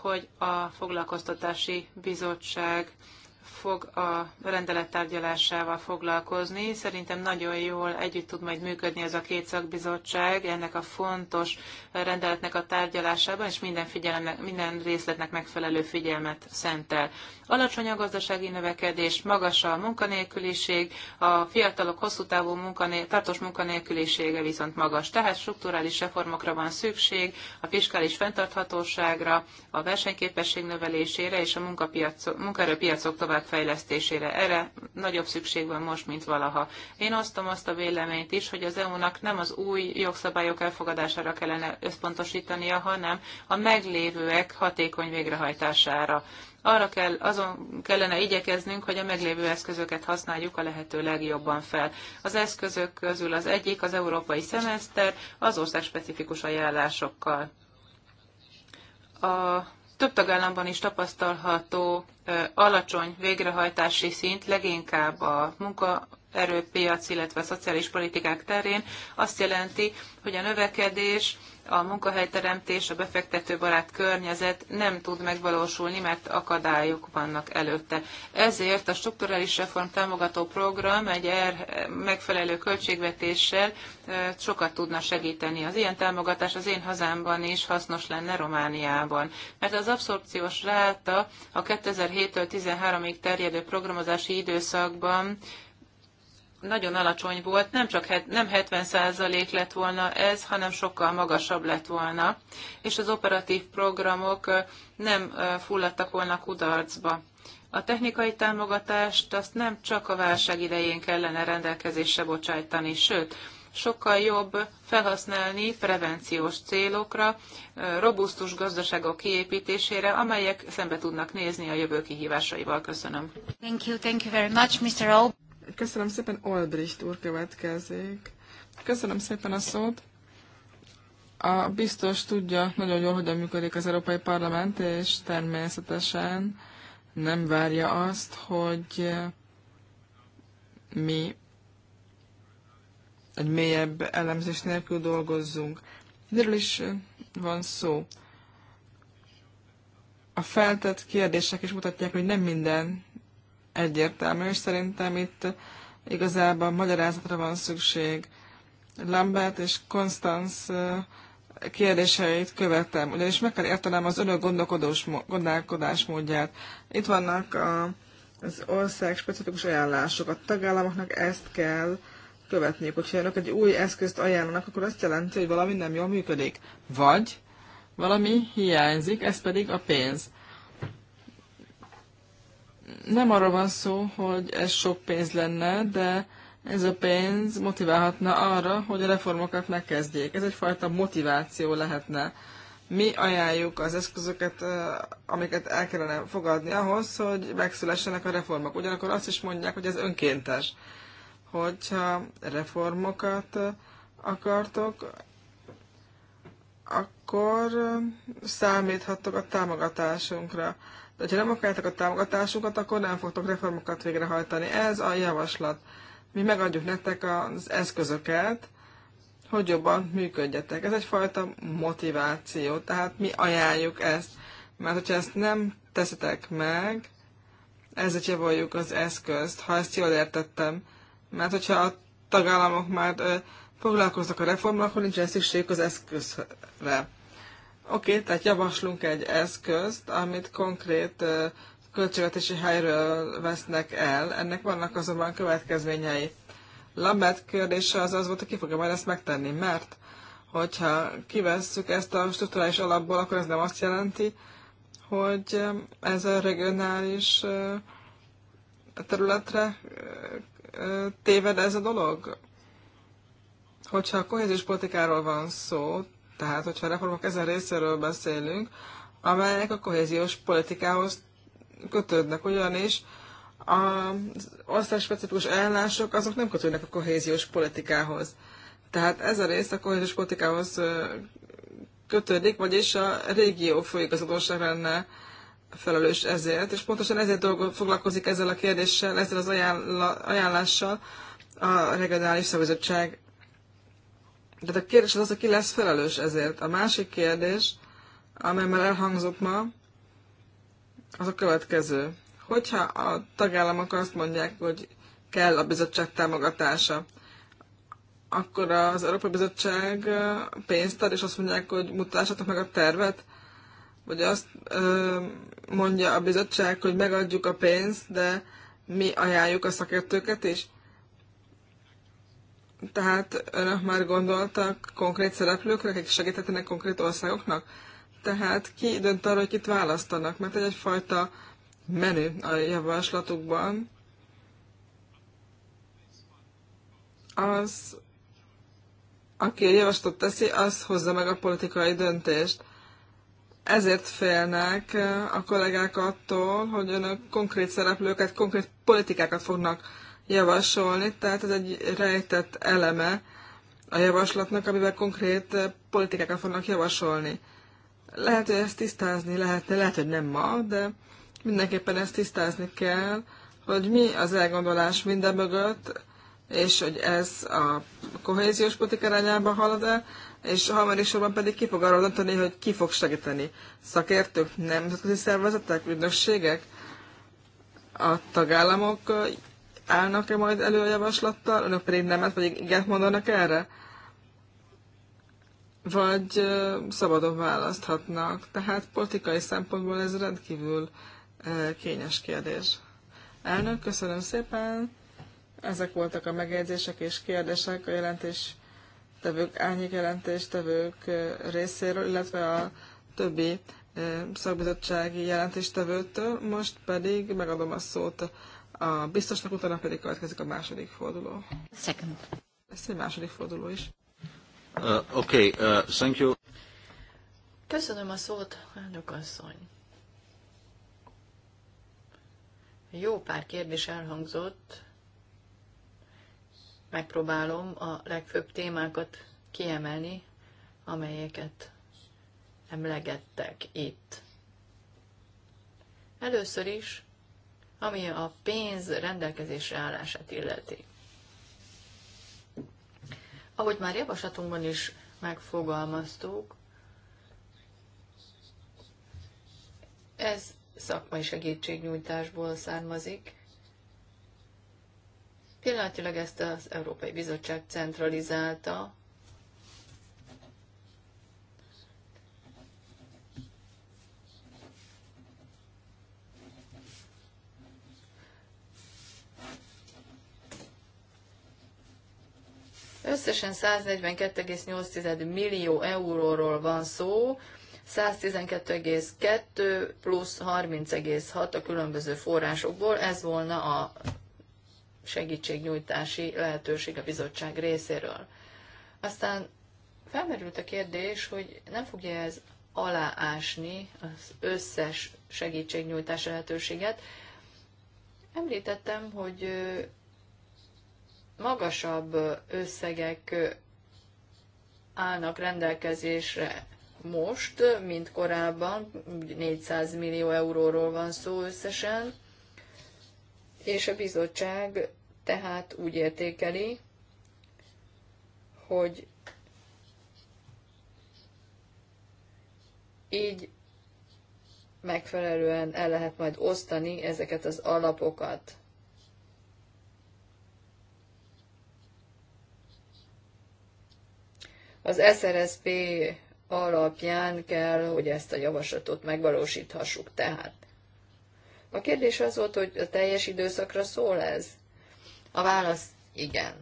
hogy a foglalkoztatási bizottság fog a rendelet tárgyalásával foglalkozni. Szerintem nagyon jól együtt tud majd működni ez a két szakbizottság ennek a fontos rendeletnek a tárgyalásában, és minden, figyelemnek, minden részletnek megfelelő figyelmet szentel. Alacsony a gazdasági növekedés, magas a munkanélküliség, a fiatalok hosszú távú munkané, tartós munkanélkülisége viszont magas. Tehát strukturális reformokra van szükség, a fiskális fenntarthatóságra, a versenyképesség növelésére és a munkaerőpiacok tovább továbbfejlesztésére. Erre nagyobb szükség van most, mint valaha. Én osztom azt a véleményt is, hogy az EU-nak nem az új jogszabályok elfogadására kellene összpontosítania, hanem a meglévőek hatékony végrehajtására arra kell, azon kellene igyekeznünk, hogy a meglévő eszközöket használjuk a lehető legjobban fel. Az eszközök közül az egyik az európai szemeszter az ország specifikus ajánlásokkal. A több tagállamban is tapasztalható alacsony végrehajtási szint, leginkább a munkaerőpiac, illetve a szociális politikák terén azt jelenti, hogy a növekedés a munkahelyteremtés, a befektetőbarát környezet nem tud megvalósulni, mert akadályok vannak előtte. Ezért a strukturális reform támogató program egy er megfelelő költségvetéssel sokat tudna segíteni. Az ilyen támogatás az én hazámban is hasznos lenne Romániában, mert az abszorpciós ráta a 2007-től 13-ig terjedő programozási időszakban nagyon alacsony volt, nem csak nem 70% lett volna ez, hanem sokkal magasabb lett volna, és az operatív programok nem fulladtak volna kudarcba. A technikai támogatást azt nem csak a válság idején kellene rendelkezésre bocsájtani, sőt, sokkal jobb felhasználni prevenciós célokra, robusztus gazdaságok kiépítésére, amelyek szembe tudnak nézni a jövő kihívásaival. Köszönöm. Thank you, thank you very much, Mr. Ob. Köszönöm szépen, Olbricht úr következik. Köszönöm szépen a szót. A biztos tudja nagyon jól, hogyan működik az Európai Parlament, és természetesen nem várja azt, hogy mi egy mélyebb elemzés nélkül dolgozzunk. Miről is van szó? A feltett kérdések is mutatják, hogy nem minden egyértelmű, és szerintem itt igazából magyarázatra van szükség. Lambert és Konstanz kérdéseit követem, ugyanis meg kell értenem az önök gondolkodós, módját? Itt vannak a, az ország specifikus ajánlások. A tagállamoknak ezt kell követniük. Hogyha önök egy új eszközt ajánlanak, akkor azt jelenti, hogy valami nem jól működik. Vagy valami hiányzik, ez pedig a pénz nem arról van szó, hogy ez sok pénz lenne, de ez a pénz motiválhatna arra, hogy a reformokat megkezdjék. Ez egyfajta motiváció lehetne. Mi ajánljuk az eszközöket, amiket el kellene fogadni ahhoz, hogy megszülessenek a reformok. Ugyanakkor azt is mondják, hogy ez önkéntes. Hogyha reformokat akartok, akkor számíthattok a támogatásunkra. De ha nem akarjátok a támogatásunkat, akkor nem fogtok reformokat végrehajtani. Ez a javaslat. Mi megadjuk nektek az eszközöket, hogy jobban működjetek. Ez egyfajta motiváció, tehát mi ajánljuk ezt. Mert hogyha ezt nem teszitek meg, ezzel csivoljuk az eszközt, ha ezt jól értettem. Mert hogyha a tagállamok már ö, foglalkoznak a reformra, akkor nincsen szükség az eszközre. Oké, okay, tehát javaslunk egy eszközt, amit konkrét költségvetési helyről vesznek el. Ennek vannak azonban következményei. Lambert kérdése az az volt, hogy ki fogja majd ezt megtenni, mert hogyha kivesszük ezt a struktúrális alapból, akkor ez nem azt jelenti, hogy ez a regionális területre téved ez a dolog? Hogyha a kohéziós politikáról van szó, tehát, hogyha a reformok ezen részéről beszélünk, amelyek a kohéziós politikához kötődnek, ugyanis az specifikus ellások azok nem kötődnek a kohéziós politikához. Tehát ez a rész a kohéziós politikához kötődik, vagyis a régió főigazgatóság lenne felelős ezért, és pontosan ezért foglalkozik ezzel a kérdéssel, ezzel az ajánlással a regionális szabadság de a kérdés az az, lesz felelős ezért. A másik kérdés, amely már elhangzott ma, az a következő. Hogyha a tagállamok azt mondják, hogy kell a bizottság támogatása, akkor az Európai Bizottság pénzt ad, és azt mondják, hogy mutassatok meg a tervet, vagy azt ö, mondja a bizottság, hogy megadjuk a pénzt, de mi ajánljuk a szakértőket is. Tehát önök már gondoltak konkrét szereplőkre, akik segítetenek konkrét országoknak? Tehát ki dönt arra, hogy kit választanak? Mert egy egyfajta menü a javaslatukban az, aki a javaslatot teszi, az hozza meg a politikai döntést. Ezért félnek a kollégák attól, hogy önök konkrét szereplőket, konkrét politikákat fognak javasolni, tehát ez egy rejtett eleme a javaslatnak, amivel konkrét politikákat fognak javasolni. Lehet, hogy ezt tisztázni lehetne, lehet, hogy nem ma, de mindenképpen ezt tisztázni kell, hogy mi az elgondolás minden mögött, és hogy ez a kohéziós politika irányába halad el, és harmadiksorban pedig ki fog arra dönteni, hogy ki fog segíteni. Szakértők, nemzetközi szervezetek, ügynökségek, a tagállamok állnak-e majd elő a javaslattal, önök pedig nemet, vagy igen mondanak erre? Vagy szabadon választhatnak. Tehát politikai szempontból ez rendkívül kényes kérdés. Elnök, köszönöm szépen. Ezek voltak a megjegyzések és kérdések a jelentés tevők, jelentés jelentéstevők részéről, illetve a többi szakbizottsági jelentéstevőtől. Most pedig megadom a szót a biztosnak, utána pedig következik a második forduló. Second. Ez egy második forduló is. Uh, okay, uh, thank you. Köszönöm a szót, elnök asszony. Jó pár kérdés elhangzott. Megpróbálom a legfőbb témákat kiemelni, amelyeket emlegettek itt. Először is ami a pénz rendelkezésre állását illeti. Ahogy már javaslatunkban is megfogalmaztuk, ez szakmai segítségnyújtásból származik. Pillanatilag ezt az Európai Bizottság centralizálta, Összesen 142,8 millió euróról van szó, 112,2 plusz 30,6 a különböző forrásokból, ez volna a segítségnyújtási lehetőség a bizottság részéről. Aztán felmerült a kérdés, hogy nem fogja ez aláásni az összes segítségnyújtás lehetőséget. Említettem, hogy magasabb összegek állnak rendelkezésre most, mint korábban, 400 millió euróról van szó összesen, és a bizottság tehát úgy értékeli, hogy így megfelelően el lehet majd osztani ezeket az alapokat. Az SRSP alapján kell, hogy ezt a javaslatot megvalósíthassuk tehát. A kérdés az volt, hogy a teljes időszakra szól ez? A válasz igen.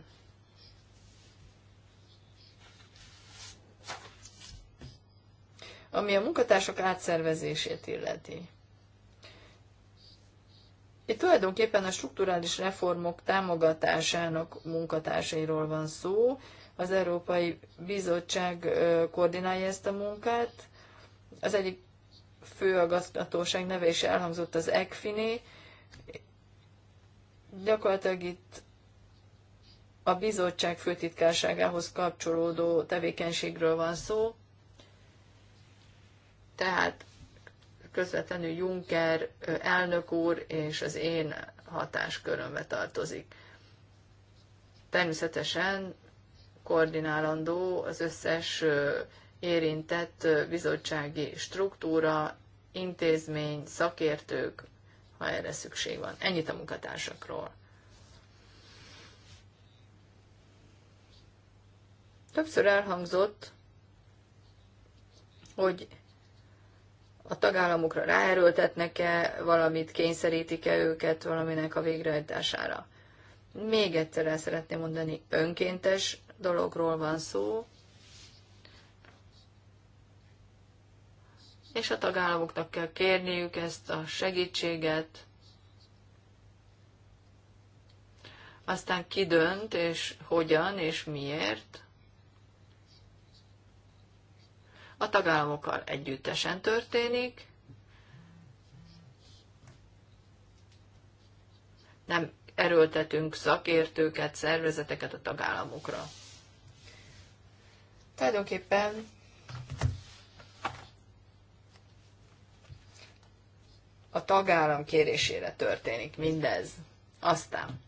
Ami a munkatársak átszervezését illeti. Itt tulajdonképpen a strukturális reformok támogatásának munkatársairól van szó, az Európai Bizottság koordinálja ezt a munkát. Az egyik főagasztatóság neve is elhangzott az ECFINÉ. Gyakorlatilag itt a bizottság főtitkárságához kapcsolódó tevékenységről van szó. Tehát közvetlenül Juncker elnök úr és az én hatáskörömbe tartozik. Természetesen koordinálandó az összes érintett bizottsági struktúra, intézmény, szakértők, ha erre szükség van. Ennyit a munkatársakról. Többször elhangzott, hogy a tagállamokra ráerőltetnek-e valamit, kényszerítik-e őket valaminek a végrehajtására. Még egyszer el szeretném mondani, önkéntes dologról van szó, és a tagállamoknak kell kérniük ezt a segítséget, aztán ki dönt, és hogyan, és miért. A tagállamokkal együttesen történik, nem erőltetünk szakértőket, szervezeteket a tagállamokra. Tulajdonképpen a tagállam kérésére történik mindez. Aztán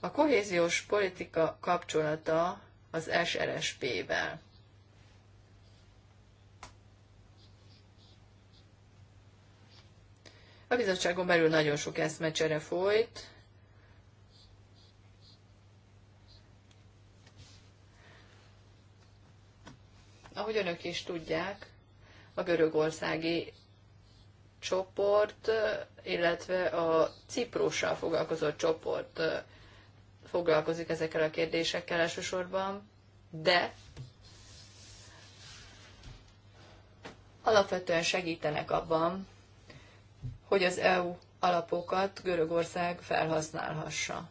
a kohéziós politika kapcsolata az SRSP-vel. A bizottságon belül nagyon sok eszmecsere folyt, Ahogy önök is tudják, a görögországi csoport, illetve a Ciprussal foglalkozó csoport foglalkozik ezekkel a kérdésekkel elsősorban, de alapvetően segítenek abban, hogy az EU alapokat Görögország felhasználhassa.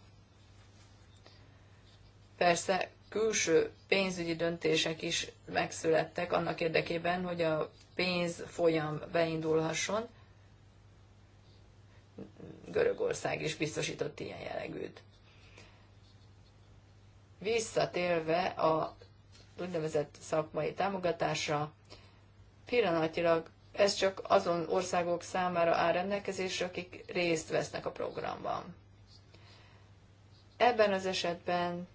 Persze külső pénzügyi döntések is megszülettek annak érdekében, hogy a pénz folyam beindulhasson. Görögország is biztosított ilyen jellegűt. Visszatérve a úgynevezett szakmai támogatásra, pillanatilag ez csak azon országok számára áll rendelkezésre, akik részt vesznek a programban. Ebben az esetben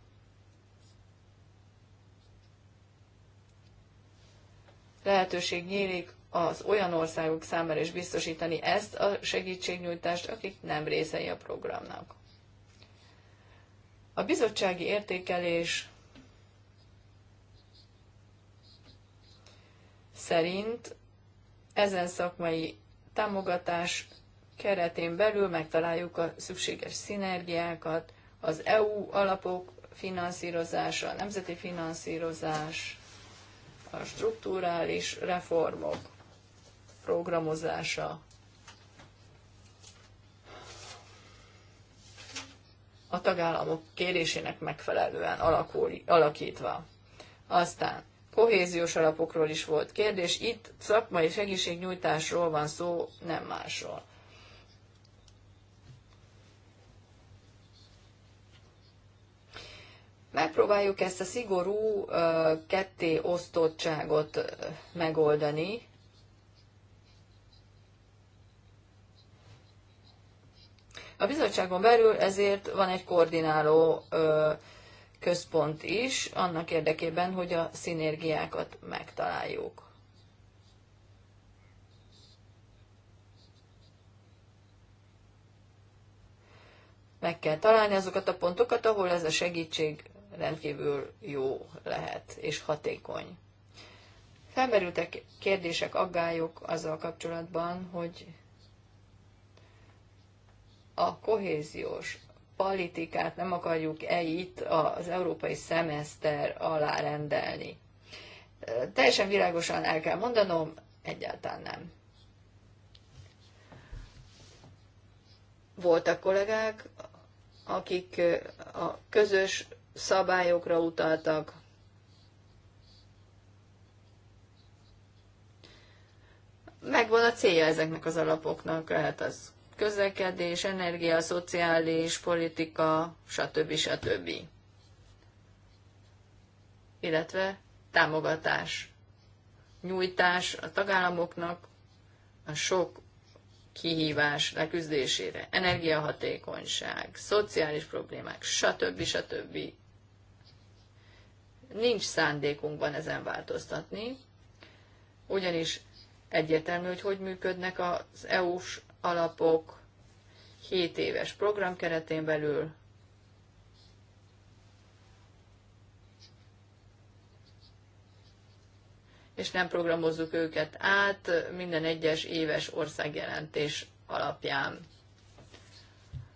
lehetőség nyílik az olyan országok számára is biztosítani ezt a segítségnyújtást, akik nem részei a programnak. A bizottsági értékelés szerint ezen szakmai támogatás keretén belül megtaláljuk a szükséges szinergiákat, az EU alapok finanszírozása, a nemzeti finanszírozás, a strukturális reformok programozása, a tagállamok kérésének megfelelően alakul, alakítva. Aztán kohéziós alapokról is volt kérdés, itt szakmai segítségnyújtásról van szó, nem másról. megpróbáljuk ezt a szigorú ketté osztottságot megoldani, A bizottságon belül ezért van egy koordináló központ is, annak érdekében, hogy a szinergiákat megtaláljuk. Meg kell találni azokat a pontokat, ahol ez a segítség rendkívül jó lehet és hatékony. Felmerültek kérdések, aggályok azzal kapcsolatban, hogy a kohéziós politikát nem akarjuk-e itt az európai szemeszter alá rendelni. Teljesen világosan el kell mondanom, egyáltalán nem. Voltak kollégák, akik a közös szabályokra utaltak. Megvan a célja ezeknek az alapoknak, lehet az közlekedés, energia, szociális, politika, stb. stb. Illetve támogatás, nyújtás a tagállamoknak a sok kihívás leküzdésére, energiahatékonyság, szociális problémák, stb. stb nincs szándékunkban ezen változtatni, ugyanis egyértelmű, hogy hogy működnek az EU-s alapok 7 éves program keretén belül, és nem programozzuk őket át minden egyes éves országjelentés alapján.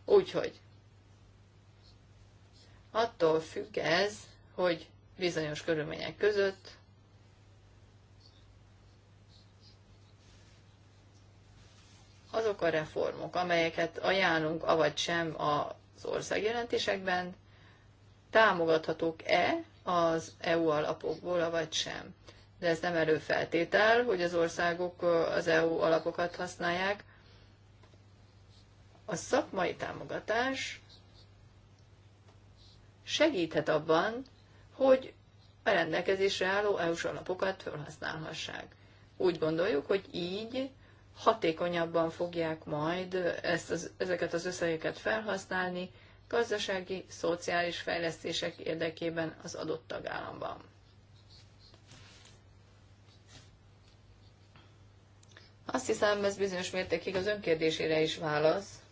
Úgyhogy attól függ ez, hogy bizonyos körülmények között azok a reformok, amelyeket ajánlunk, avagy sem az országjelentésekben, támogathatók-e az EU alapokból, avagy sem. De ez nem előfeltétel, hogy az országok az EU alapokat használják. A szakmai támogatás segíthet abban, hogy a rendelkezésre álló EU-s alapokat felhasználhassák. Úgy gondoljuk, hogy így hatékonyabban fogják majd ezt az, ezeket az összegeket felhasználni gazdasági, szociális fejlesztések érdekében az adott tagállamban. Azt hiszem, ez bizonyos mértékig az önkérdésére is válasz,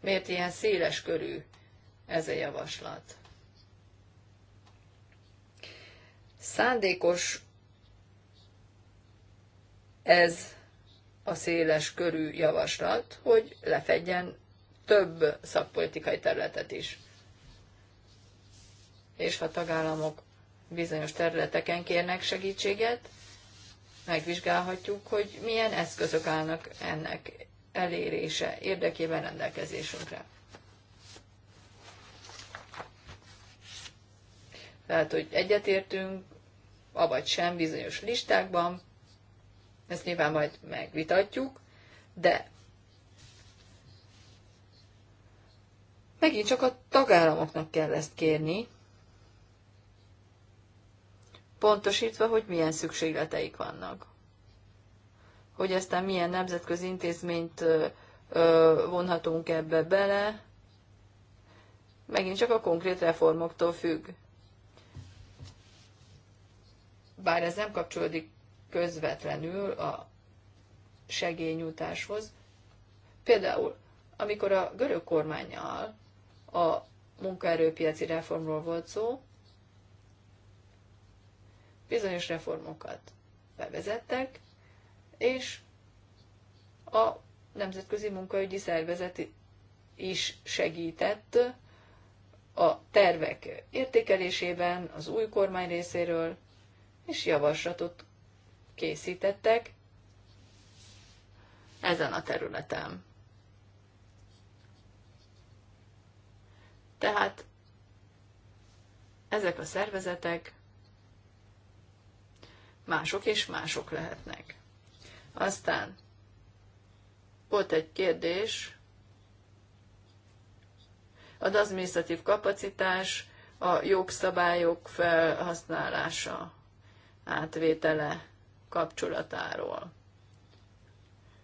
miért ilyen széles körű ez a javaslat. Szándékos ez a széles körű javaslat, hogy lefedjen több szakpolitikai területet is. És ha tagállamok bizonyos területeken kérnek segítséget, megvizsgálhatjuk, hogy milyen eszközök állnak ennek elérése érdekében rendelkezésünkre. Lehet, hogy egyetértünk, avagy sem bizonyos listákban, ezt nyilván majd megvitatjuk, de megint csak a tagállamoknak kell ezt kérni, pontosítva, hogy milyen szükségleteik vannak hogy aztán milyen nemzetközi intézményt vonhatunk ebbe bele, megint csak a konkrét reformoktól függ. Bár ez nem kapcsolódik közvetlenül a segényútáshoz. Például, amikor a görög kormányjal a munkaerőpiaci reformról volt szó, bizonyos reformokat bevezettek, és a Nemzetközi Munkaügyi Szervezet is segített a tervek értékelésében az új kormány részéről, és javaslatot készítettek ezen a területen. Tehát ezek a szervezetek mások és mások lehetnek. Aztán volt egy kérdés, az adminisztratív kapacitás, a jogszabályok felhasználása, átvétele kapcsolatáról.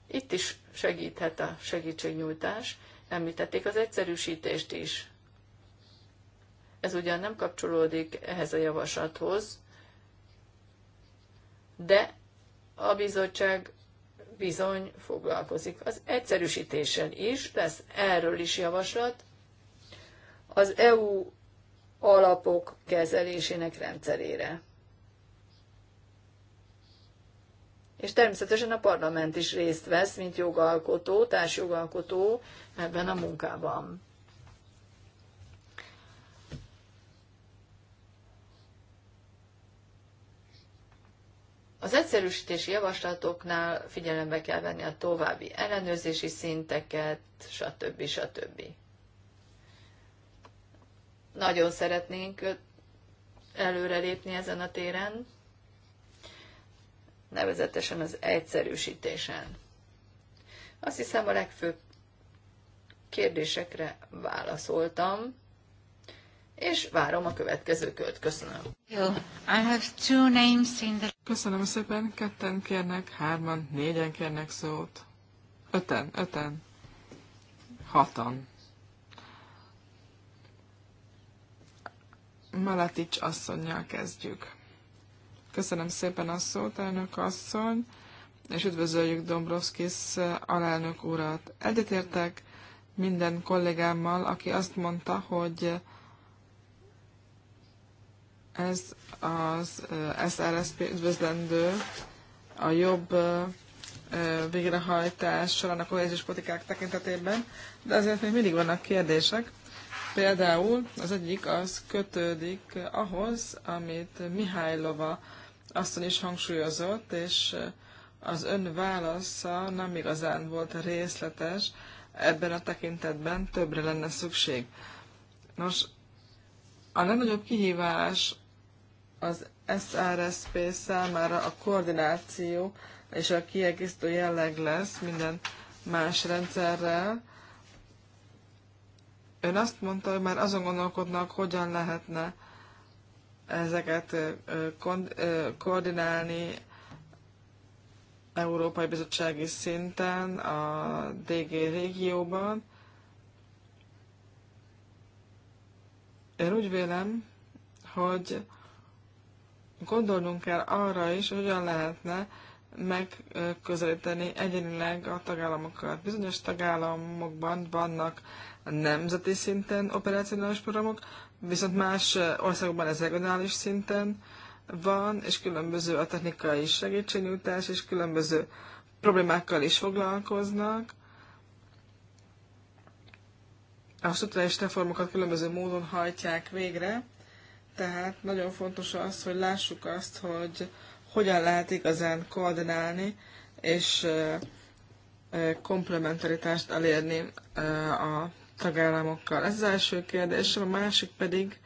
Itt is segíthet a segítségnyújtás, említették az egyszerűsítést is. Ez ugyan nem kapcsolódik ehhez a javaslathoz, de a bizottság bizony foglalkozik. Az egyszerűsítésen is lesz erről is javaslat. Az EU alapok kezelésének rendszerére. És természetesen a parlament is részt vesz, mint jogalkotó, társjogalkotó ebben a munkában. Az egyszerűsítési javaslatoknál figyelembe kell venni a további ellenőrzési szinteket, stb. stb. Nagyon szeretnénk előrelépni ezen a téren, nevezetesen az egyszerűsítésen. Azt hiszem a legfőbb kérdésekre válaszoltam és várom a következő költ. Köszönöm. Jó. I have two names in the... Köszönöm szépen, ketten kérnek, hárman, négyen kérnek szót. Öten, öten, hatan. Malatics asszonynal kezdjük. Köszönöm szépen a szót, elnök asszony, és üdvözöljük Dombrovskis eh, alelnök urat. Egyetértek minden kollégámmal, aki azt mondta, hogy ez az SRSP üdvözlendő a jobb végrehajtás során a kohéziós politikák tekintetében, de azért még mindig vannak kérdések. Például az egyik az kötődik ahhoz, amit Mihálylova aztán is hangsúlyozott, és az ön válasza nem igazán volt részletes, ebben a tekintetben többre lenne szükség. Nos, a legnagyobb kihívás az SRSP számára a koordináció és a kiegészítő jelleg lesz minden más rendszerrel. Ön azt mondta, hogy már azon gondolkodnak, hogyan lehetne ezeket koordinálni Európai Bizottsági szinten, a DG régióban. Én úgy vélem, hogy gondolnunk kell arra is, hogy hogyan lehetne megközelíteni egyenileg a tagállamokat. Bizonyos tagállamokban vannak nemzeti szinten operációs programok, viszont más országokban ez regionális szinten van, és különböző a technikai segítségnyújtás, és különböző problémákkal is foglalkoznak. A struktúrális reformokat különböző módon hajtják végre, tehát nagyon fontos az, hogy lássuk azt, hogy hogyan lehet igazán koordinálni, és komplementaritást elérni a tagállamokkal. Ez az első kérdésem, a másik pedig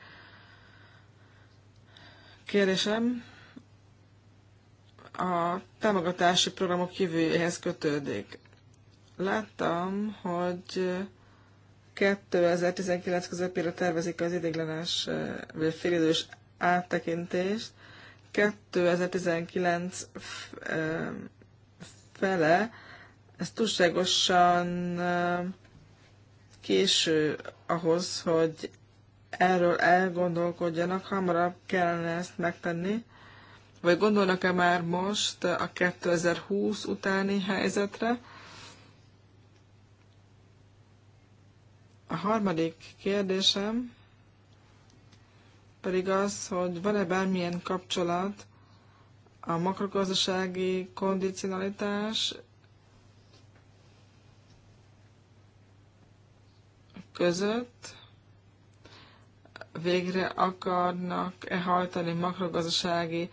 kérdésem a támogatási programok jövőjéhez kötődik. Láttam, hogy 2019 közepére tervezik az idéglenes eh, vagy félidős áttekintést. 2019 eh, fele, ez túlságosan eh, késő ahhoz, hogy erről elgondolkodjanak, hamarabb kellene ezt megtenni. Vagy gondolnak-e már most a 2020 utáni helyzetre? A harmadik kérdésem pedig az, hogy van-e bármilyen kapcsolat a makrogazdasági kondicionalitás között végre akarnak-e hajtani makrogazdasági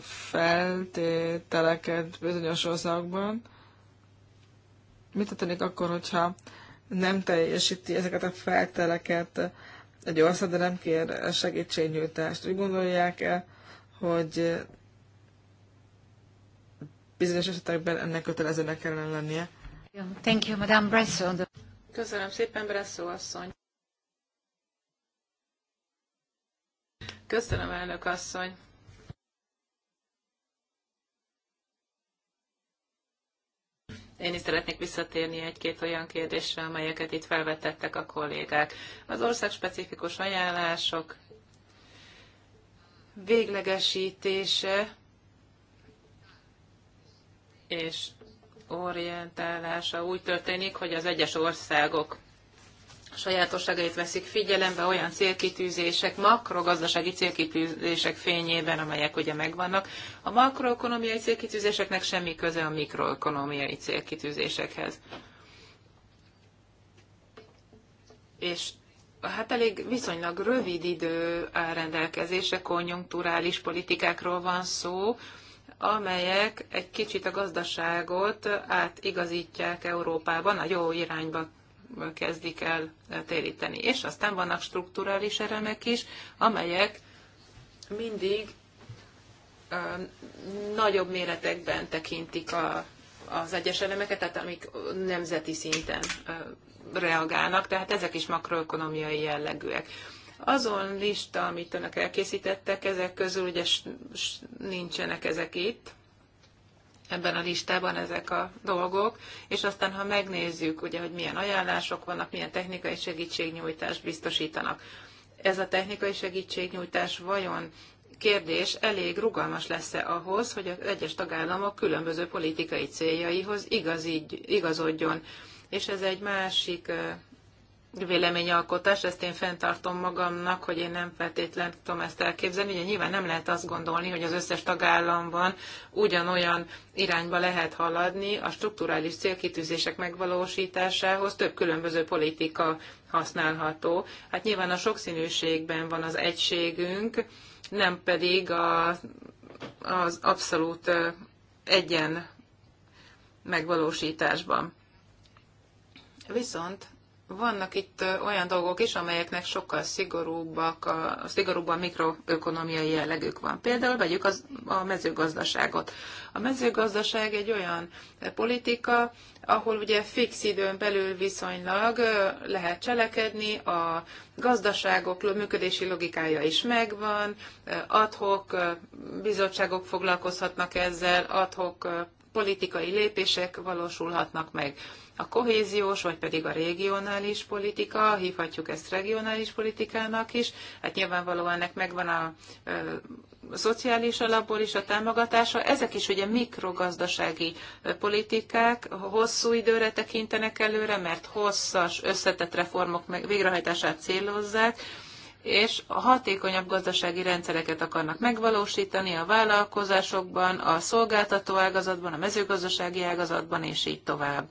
feltételeket bizonyos országban. Mit tennék akkor, hogyha nem teljesíti ezeket a felteleket egy ország, de nem kér segítségnyújtást. Úgy gondolják-e, hogy bizonyos esetekben ennek kötelezőnek kellene lennie? Thank you, Madame Bresso. Köszönöm szépen, Bresso asszony. Köszönöm, elnök asszony. Én is szeretnék visszatérni egy-két olyan kérdésre, amelyeket itt felvetettek a kollégák. Az országspecifikus ajánlások véglegesítése és orientálása úgy történik, hogy az egyes országok sajátosságait veszik figyelembe olyan célkitűzések, makrogazdasági célkitűzések fényében, amelyek ugye megvannak. A makroekonomiai célkitűzéseknek semmi köze a mikroekonomiai célkitűzésekhez. És hát elég viszonylag rövid idő rendelkezése konjunkturális politikákról van szó, amelyek egy kicsit a gazdaságot átigazítják Európában, a jó irányba kezdik el téríteni. És aztán vannak strukturális eremek is, amelyek mindig nagyobb méretekben tekintik a, az egyes elemeket, tehát amik nemzeti szinten reagálnak, tehát ezek is makroökonomiai jellegűek. Azon lista, amit önök elkészítettek, ezek közül ugye nincsenek ezek itt, ebben a listában ezek a dolgok, és aztán ha megnézzük, ugye, hogy milyen ajánlások vannak, milyen technikai segítségnyújtást biztosítanak. Ez a technikai segítségnyújtás vajon kérdés elég rugalmas lesz-e ahhoz, hogy az egyes tagállamok különböző politikai céljaihoz igazodjon. És ez egy másik véleményalkotás, ezt én fenntartom magamnak, hogy én nem feltétlenül tudom ezt elképzelni. Ugye nyilván nem lehet azt gondolni, hogy az összes tagállamban ugyanolyan irányba lehet haladni a strukturális célkitűzések megvalósításához több különböző politika használható. Hát nyilván a sokszínűségben van az egységünk, nem pedig a, az abszolút egyen megvalósításban. Viszont vannak itt olyan dolgok is, amelyeknek sokkal szigorúbbak, a, szigorúbban mikroökonomiai jellegük van. Például vegyük az, a mezőgazdaságot. A mezőgazdaság egy olyan politika, ahol ugye fix időn belül viszonylag lehet cselekedni, a gazdaságok működési logikája is megvan, adhok bizottságok foglalkozhatnak ezzel, adhok politikai lépések valósulhatnak meg a kohéziós, vagy pedig a regionális politika, hívhatjuk ezt regionális politikának is, hát nyilvánvalóan ennek megvan a, a, szociális alapból is a támogatása. Ezek is ugye mikrogazdasági politikák, hosszú időre tekintenek előre, mert hosszas, összetett reformok végrehajtását célozzák, és a hatékonyabb gazdasági rendszereket akarnak megvalósítani a vállalkozásokban, a szolgáltató ágazatban, a mezőgazdasági ágazatban, és így tovább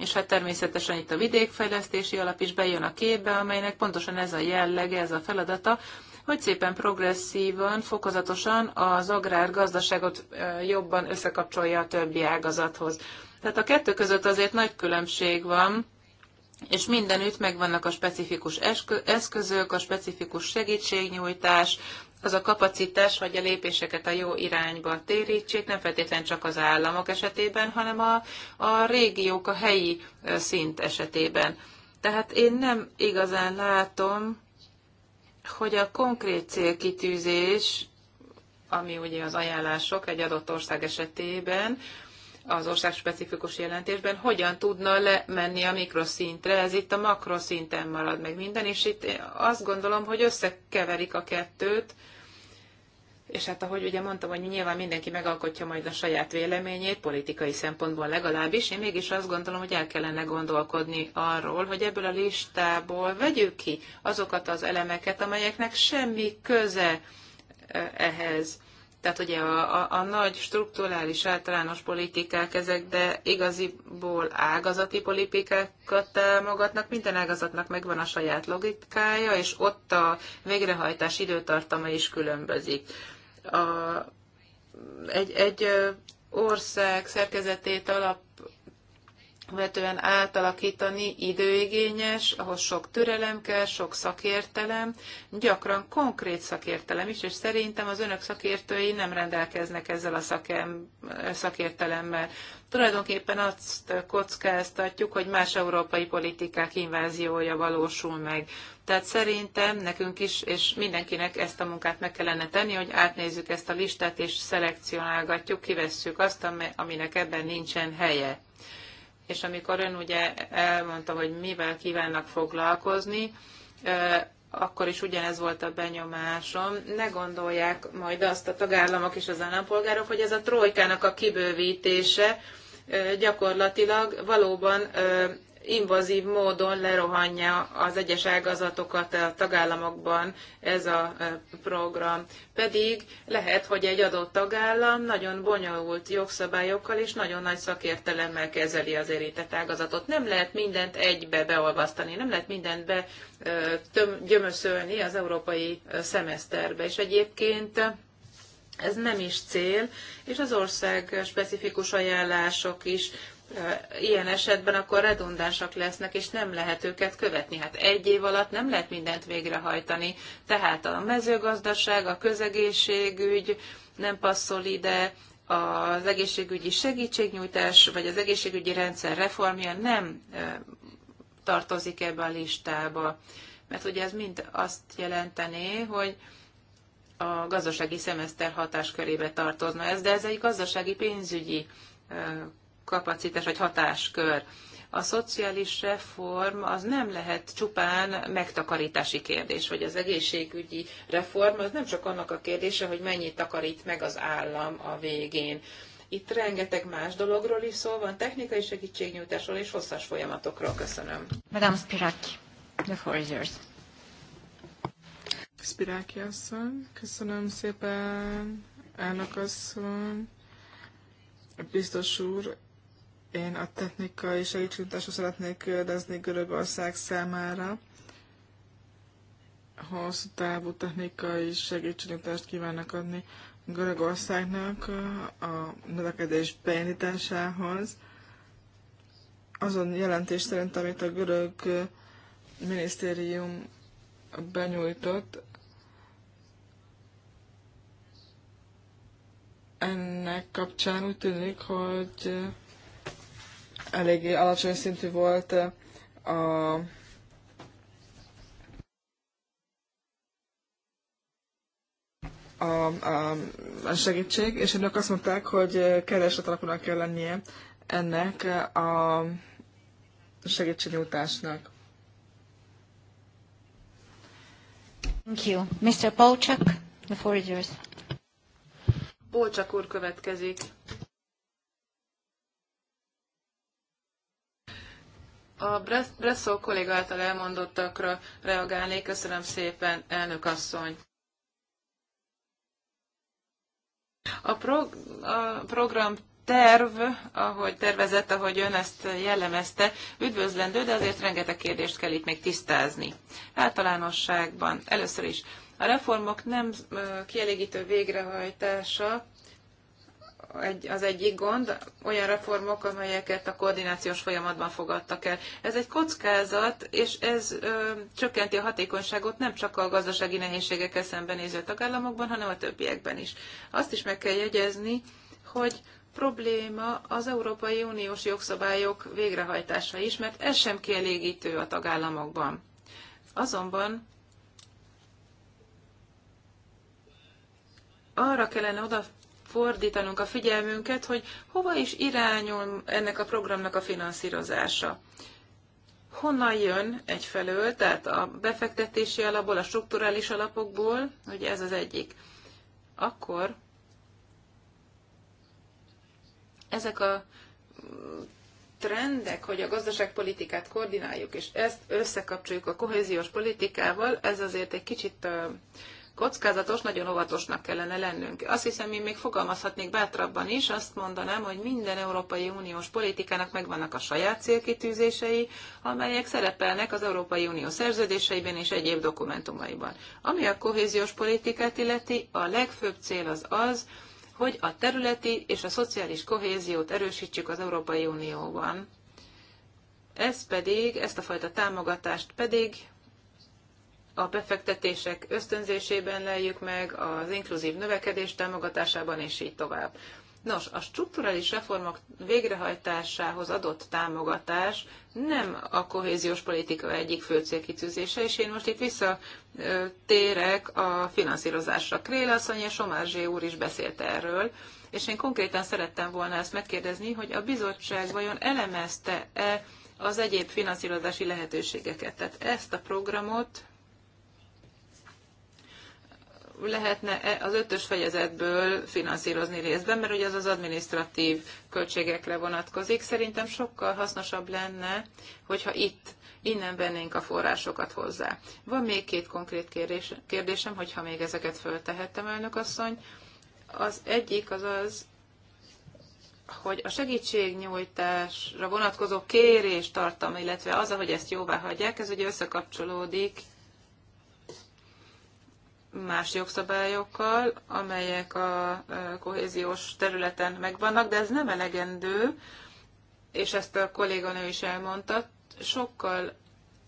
és hát természetesen itt a vidékfejlesztési alap is bejön a képbe, amelynek pontosan ez a jellege, ez a feladata, hogy szépen progresszívan, fokozatosan az agrárgazdaságot jobban összekapcsolja a többi ágazathoz. Tehát a kettő között azért nagy különbség van, és mindenütt megvannak a specifikus eszközök, a specifikus segítségnyújtás, az a kapacitás, hogy a lépéseket a jó irányba térítsék, nem feltétlenül csak az államok esetében, hanem a, a régiók, a helyi szint esetében. Tehát én nem igazán látom, hogy a konkrét célkitűzés, ami ugye az ajánlások egy adott ország esetében, az ország specifikus jelentésben, hogyan tudna lemenni a mikroszintre, ez itt a makroszinten marad meg minden, és itt azt gondolom, hogy összekeverik a kettőt, és hát ahogy ugye mondtam, hogy nyilván mindenki megalkotja majd a saját véleményét, politikai szempontból legalábbis, én mégis azt gondolom, hogy el kellene gondolkodni arról, hogy ebből a listából vegyük ki azokat az elemeket, amelyeknek semmi köze eh, ehhez tehát ugye a, a, a nagy strukturális általános politikák ezek, de igaziból ágazati politikákat támogatnak. Minden ágazatnak megvan a saját logikája, és ott a végrehajtás időtartama is különbözik. A, egy, egy ország szerkezetét alap vetően átalakítani időigényes, ahhoz sok türelem kell, sok szakértelem, gyakran konkrét szakértelem is, és szerintem az önök szakértői nem rendelkeznek ezzel a szakem, szakértelemmel. Tulajdonképpen azt kockáztatjuk, hogy más európai politikák inváziója valósul meg. Tehát szerintem nekünk is, és mindenkinek ezt a munkát meg kellene tenni, hogy átnézzük ezt a listát, és szelekcionálgatjuk, kivesszük azt, aminek ebben nincsen helye és amikor ön ugye elmondta, hogy mivel kívánnak foglalkozni, akkor is ugyanez volt a benyomásom. Ne gondolják majd azt a tagállamok és az állampolgárok, hogy ez a trojkának a kibővítése gyakorlatilag valóban invazív módon lerohanja az egyes ágazatokat a tagállamokban ez a e, program. Pedig lehet, hogy egy adott tagállam nagyon bonyolult jogszabályokkal és nagyon nagy szakértelemmel kezeli az érintett ágazatot. Nem lehet mindent egybe beolvasztani, nem lehet mindent be e, töm, gyömöszölni az európai e, szemeszterbe. És egyébként ez nem is cél, és az ország specifikus ajánlások is ilyen esetben akkor redundánsak lesznek, és nem lehet őket követni. Hát egy év alatt nem lehet mindent végrehajtani. Tehát a mezőgazdaság, a közegészségügy nem passzol ide, az egészségügyi segítségnyújtás, vagy az egészségügyi rendszer reformja nem tartozik ebbe a listába. Mert ugye ez mind azt jelentené, hogy a gazdasági szemeszter hatáskörébe tartozna ez, de ez egy gazdasági pénzügyi kapacitás vagy hatáskör. A szociális reform az nem lehet csupán megtakarítási kérdés, vagy az egészségügyi reform az nem csak annak a kérdése, hogy mennyit takarít meg az állam a végén. Itt rengeteg más dologról is szó van, technikai segítségnyújtásról és hosszas folyamatokról. Köszönöm. Madame Spiraki, the floor is yours. Spiráki asszony, köszönöm szépen, elnök asszony, biztos úr, én a technikai segítségnyújtásra szeretnék kérdezni Görögország számára. Hosszú távú technikai segítségnyújtást kívánnak adni Görögországnak a növekedés beindításához. Azon jelentés szerint, amit a görög minisztérium benyújtott, ennek kapcsán úgy tűnik, hogy eléggé alacsony szintű volt a a, a, a segítség, és önök azt mondták, hogy kereslet alapúnak kell lennie ennek a segítségnyújtásnak. Thank you. Mr. Polchak, the floor is yours. Polchak úr következik. A Bresszó kolléga által elmondottakra reagálnék. Köszönöm szépen, elnök asszony. A, prog- a program terv, ahogy tervezett, ahogy ön ezt jellemezte, üdvözlendő, de azért rengeteg kérdést kell itt még tisztázni. Általánosságban először is a reformok nem kielégítő végrehajtása az egyik gond, olyan reformok, amelyeket a koordinációs folyamatban fogadtak el. Ez egy kockázat, és ez ö, csökkenti a hatékonyságot nem csak a gazdasági nehézségekkel szembenéző tagállamokban, hanem a többiekben is. Azt is meg kell jegyezni, hogy probléma az Európai Uniós jogszabályok végrehajtása is, mert ez sem kielégítő a tagállamokban. Azonban arra kellene oda fordítanunk a figyelmünket, hogy hova is irányul ennek a programnak a finanszírozása. Honnan jön egyfelől, tehát a befektetési alapból, a strukturális alapokból, hogy ez az egyik. Akkor ezek a trendek, hogy a gazdaságpolitikát koordináljuk, és ezt összekapcsoljuk a kohéziós politikával, ez azért egy kicsit kockázatos, nagyon óvatosnak kellene lennünk. Azt hiszem, én még fogalmazhatnék bátrabban is, azt mondanám, hogy minden Európai Uniós politikának megvannak a saját célkitűzései, amelyek szerepelnek az Európai Unió szerződéseiben és egyéb dokumentumaiban. Ami a kohéziós politikát illeti, a legfőbb cél az az, hogy a területi és a szociális kohéziót erősítsük az Európai Unióban. Ez pedig, ezt a fajta támogatást pedig a befektetések ösztönzésében leljük meg, az inkluzív növekedés támogatásában, és így tovább. Nos, a strukturális reformok végrehajtásához adott támogatás nem a kohéziós politika egyik fő célkitűzése, és én most itt visszatérek a finanszírozásra. Krélasszony és Somárzsé úr is beszélt erről, és én konkrétan szerettem volna ezt megkérdezni, hogy a bizottság vajon elemezte-e az egyéb finanszírozási lehetőségeket. Tehát ezt a programot lehetne -e az ötös fejezetből finanszírozni részben, mert ugye az az administratív költségekre vonatkozik. Szerintem sokkal hasznosabb lenne, hogyha itt innen vennénk a forrásokat hozzá. Van még két konkrét kérdés, kérdésem, hogyha még ezeket föltehettem, elnök asszony. Az egyik az az, hogy a segítségnyújtásra vonatkozó kérés tartalma, illetve az, ahogy ezt jóvá hagyják, ez ugye összekapcsolódik más jogszabályokkal, amelyek a e, kohéziós területen megvannak, de ez nem elegendő, és ezt a kolléganő is elmondta, sokkal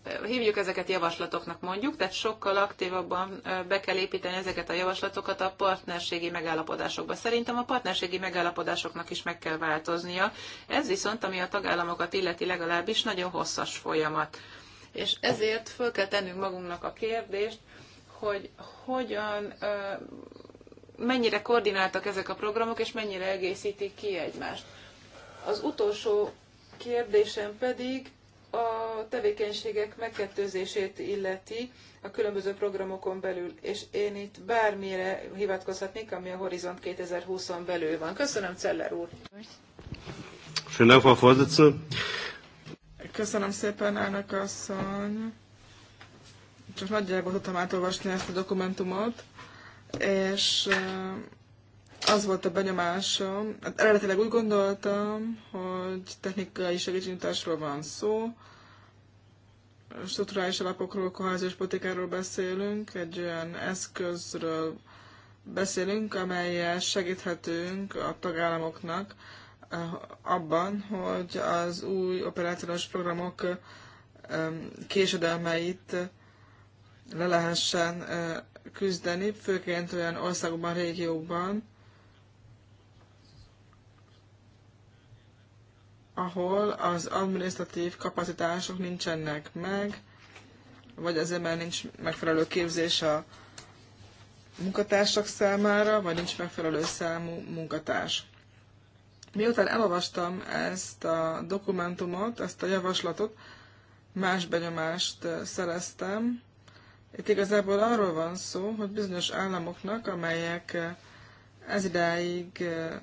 e, hívjuk ezeket javaslatoknak mondjuk, tehát sokkal aktívabban e, be kell építeni ezeket a javaslatokat a partnerségi megállapodásokba. Szerintem a partnerségi megállapodásoknak is meg kell változnia. Ez viszont, ami a tagállamokat illeti legalábbis, nagyon hosszas folyamat. És ezért föl kell tennünk magunknak a kérdést, hogy hogyan, mennyire koordináltak ezek a programok, és mennyire egészítik ki egymást. Az utolsó kérdésem pedig a tevékenységek megkettőzését illeti a különböző programokon belül, és én itt bármire hivatkozhatnék, ami a Horizont 2020-on belül van. Köszönöm, Celler úr! Köszönöm szépen, elnök asszony! csak nagyjából tudtam átolvasni ezt a dokumentumot, és eh, az volt a benyomásom, hát eredetileg úgy gondoltam, hogy technikai segítségnyújtásról van szó, strukturális alapokról, koházis politikáról beszélünk, egy olyan eszközről beszélünk, amelyel segíthetünk a tagállamoknak eh, abban, hogy az új operációs programok eh, késedelmeit le lehessen küzdeni, főként olyan országokban, régiókban, ahol az administratív kapacitások nincsenek meg, vagy azért, mert nincs megfelelő képzés a munkatársak számára, vagy nincs megfelelő számú munkatárs. Miután elolvastam ezt a dokumentumot, ezt a javaslatot, más benyomást szereztem, itt igazából arról van szó, hogy bizonyos államoknak, amelyek eh, ez idáig eh,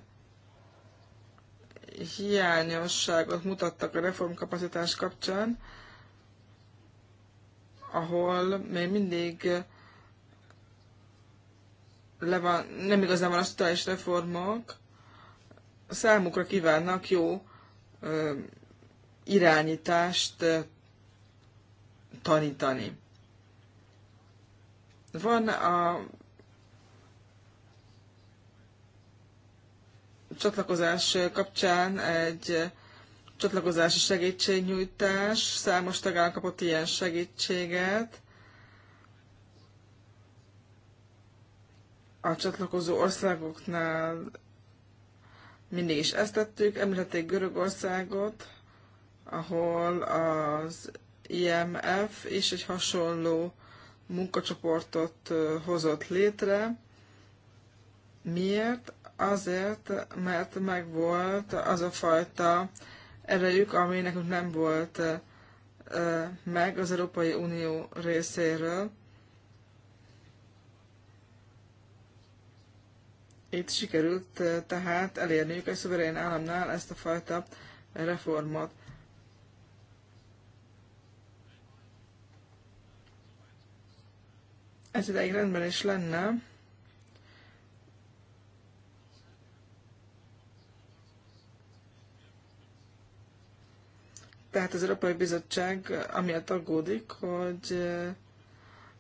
hiányosságot mutattak a reformkapacitás kapcsán, ahol még mindig eh, le van, nem igazán van a totális reformok, számukra kívánnak jó irányítást tanítani. Van a csatlakozás kapcsán egy csatlakozási segítségnyújtás, számos tagállam kapott ilyen segítséget. A csatlakozó országoknál mindig is ezt tettük, említették Görögországot, ahol az IMF is egy hasonló munkacsoportot hozott létre. Miért? Azért, mert megvolt az a fajta erejük, ami nekünk nem volt meg az Európai Unió részéről. Itt sikerült tehát elérniük egy szuverén államnál ezt a fajta reformot. ez ideig rendben is lenne, Tehát az Európai Bizottság amiatt aggódik, hogy,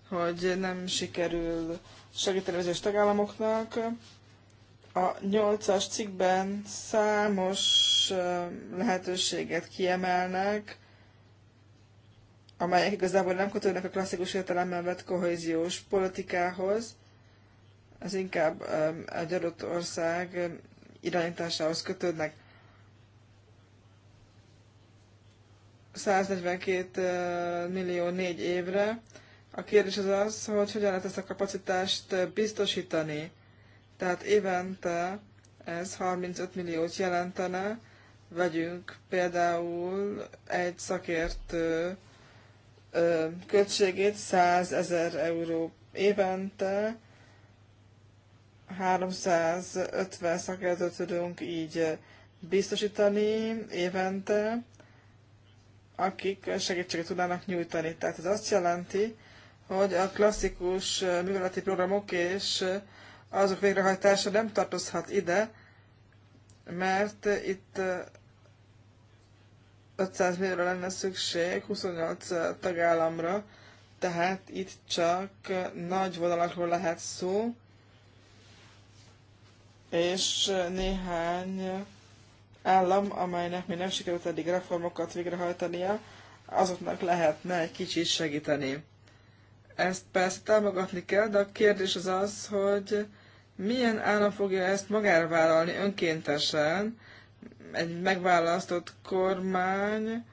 hogy nem sikerül segíteni az ős tagállamoknak. A nyolcas cikkben számos lehetőséget kiemelnek, amelyek igazából nem kötődnek a klasszikus értelemben vett kohéziós politikához, az inkább egy adott ország irányításához kötődnek. 142 millió négy évre. A kérdés az az, hogy hogyan lehet ezt a kapacitást biztosítani. Tehát évente ez 35 milliót jelentene, vegyünk például egy szakértő költségét 100 ezer euró évente, 350 szakértőt tudunk így biztosítani évente, akik segítséget tudnának nyújtani. Tehát ez azt jelenti, hogy a klasszikus műveleti programok és azok végrehajtása nem tartozhat ide, mert itt 500 millióra lenne szükség 28 tagállamra, tehát itt csak nagy vonalakról lehet szó, és néhány állam, amelynek még nem sikerült eddig reformokat végrehajtania, azoknak lehetne egy kicsit segíteni. Ezt persze támogatni kell, de a kérdés az az, hogy milyen állam fogja ezt magára vállalni önkéntesen, egy megválasztott kormány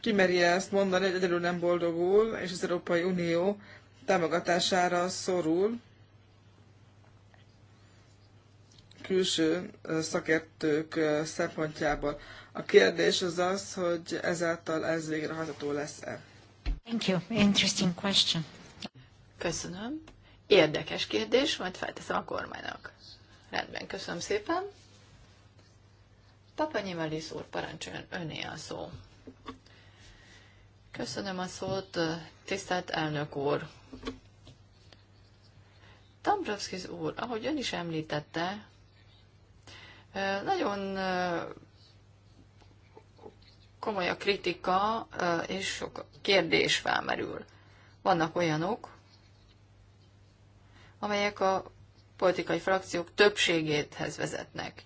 kimeri ezt mondani, hogy egyedül nem boldogul, és az Európai Unió támogatására szorul külső szakértők szempontjából. A kérdés az az, hogy ezáltal ez végrehajtható lesz-e. Thank you. Interesting question. Köszönöm. Érdekes kérdés, majd felteszem a kormánynak. Rendben, köszönöm szépen. Papa Nyimelis úr, parancsoljon öné a szó. Köszönöm a szót, tisztelt elnök úr. Dombrovskis úr, ahogy ön is említette, nagyon komoly a kritika, és sok kérdés felmerül. Vannak olyanok, amelyek a politikai frakciók többségéthez vezetnek.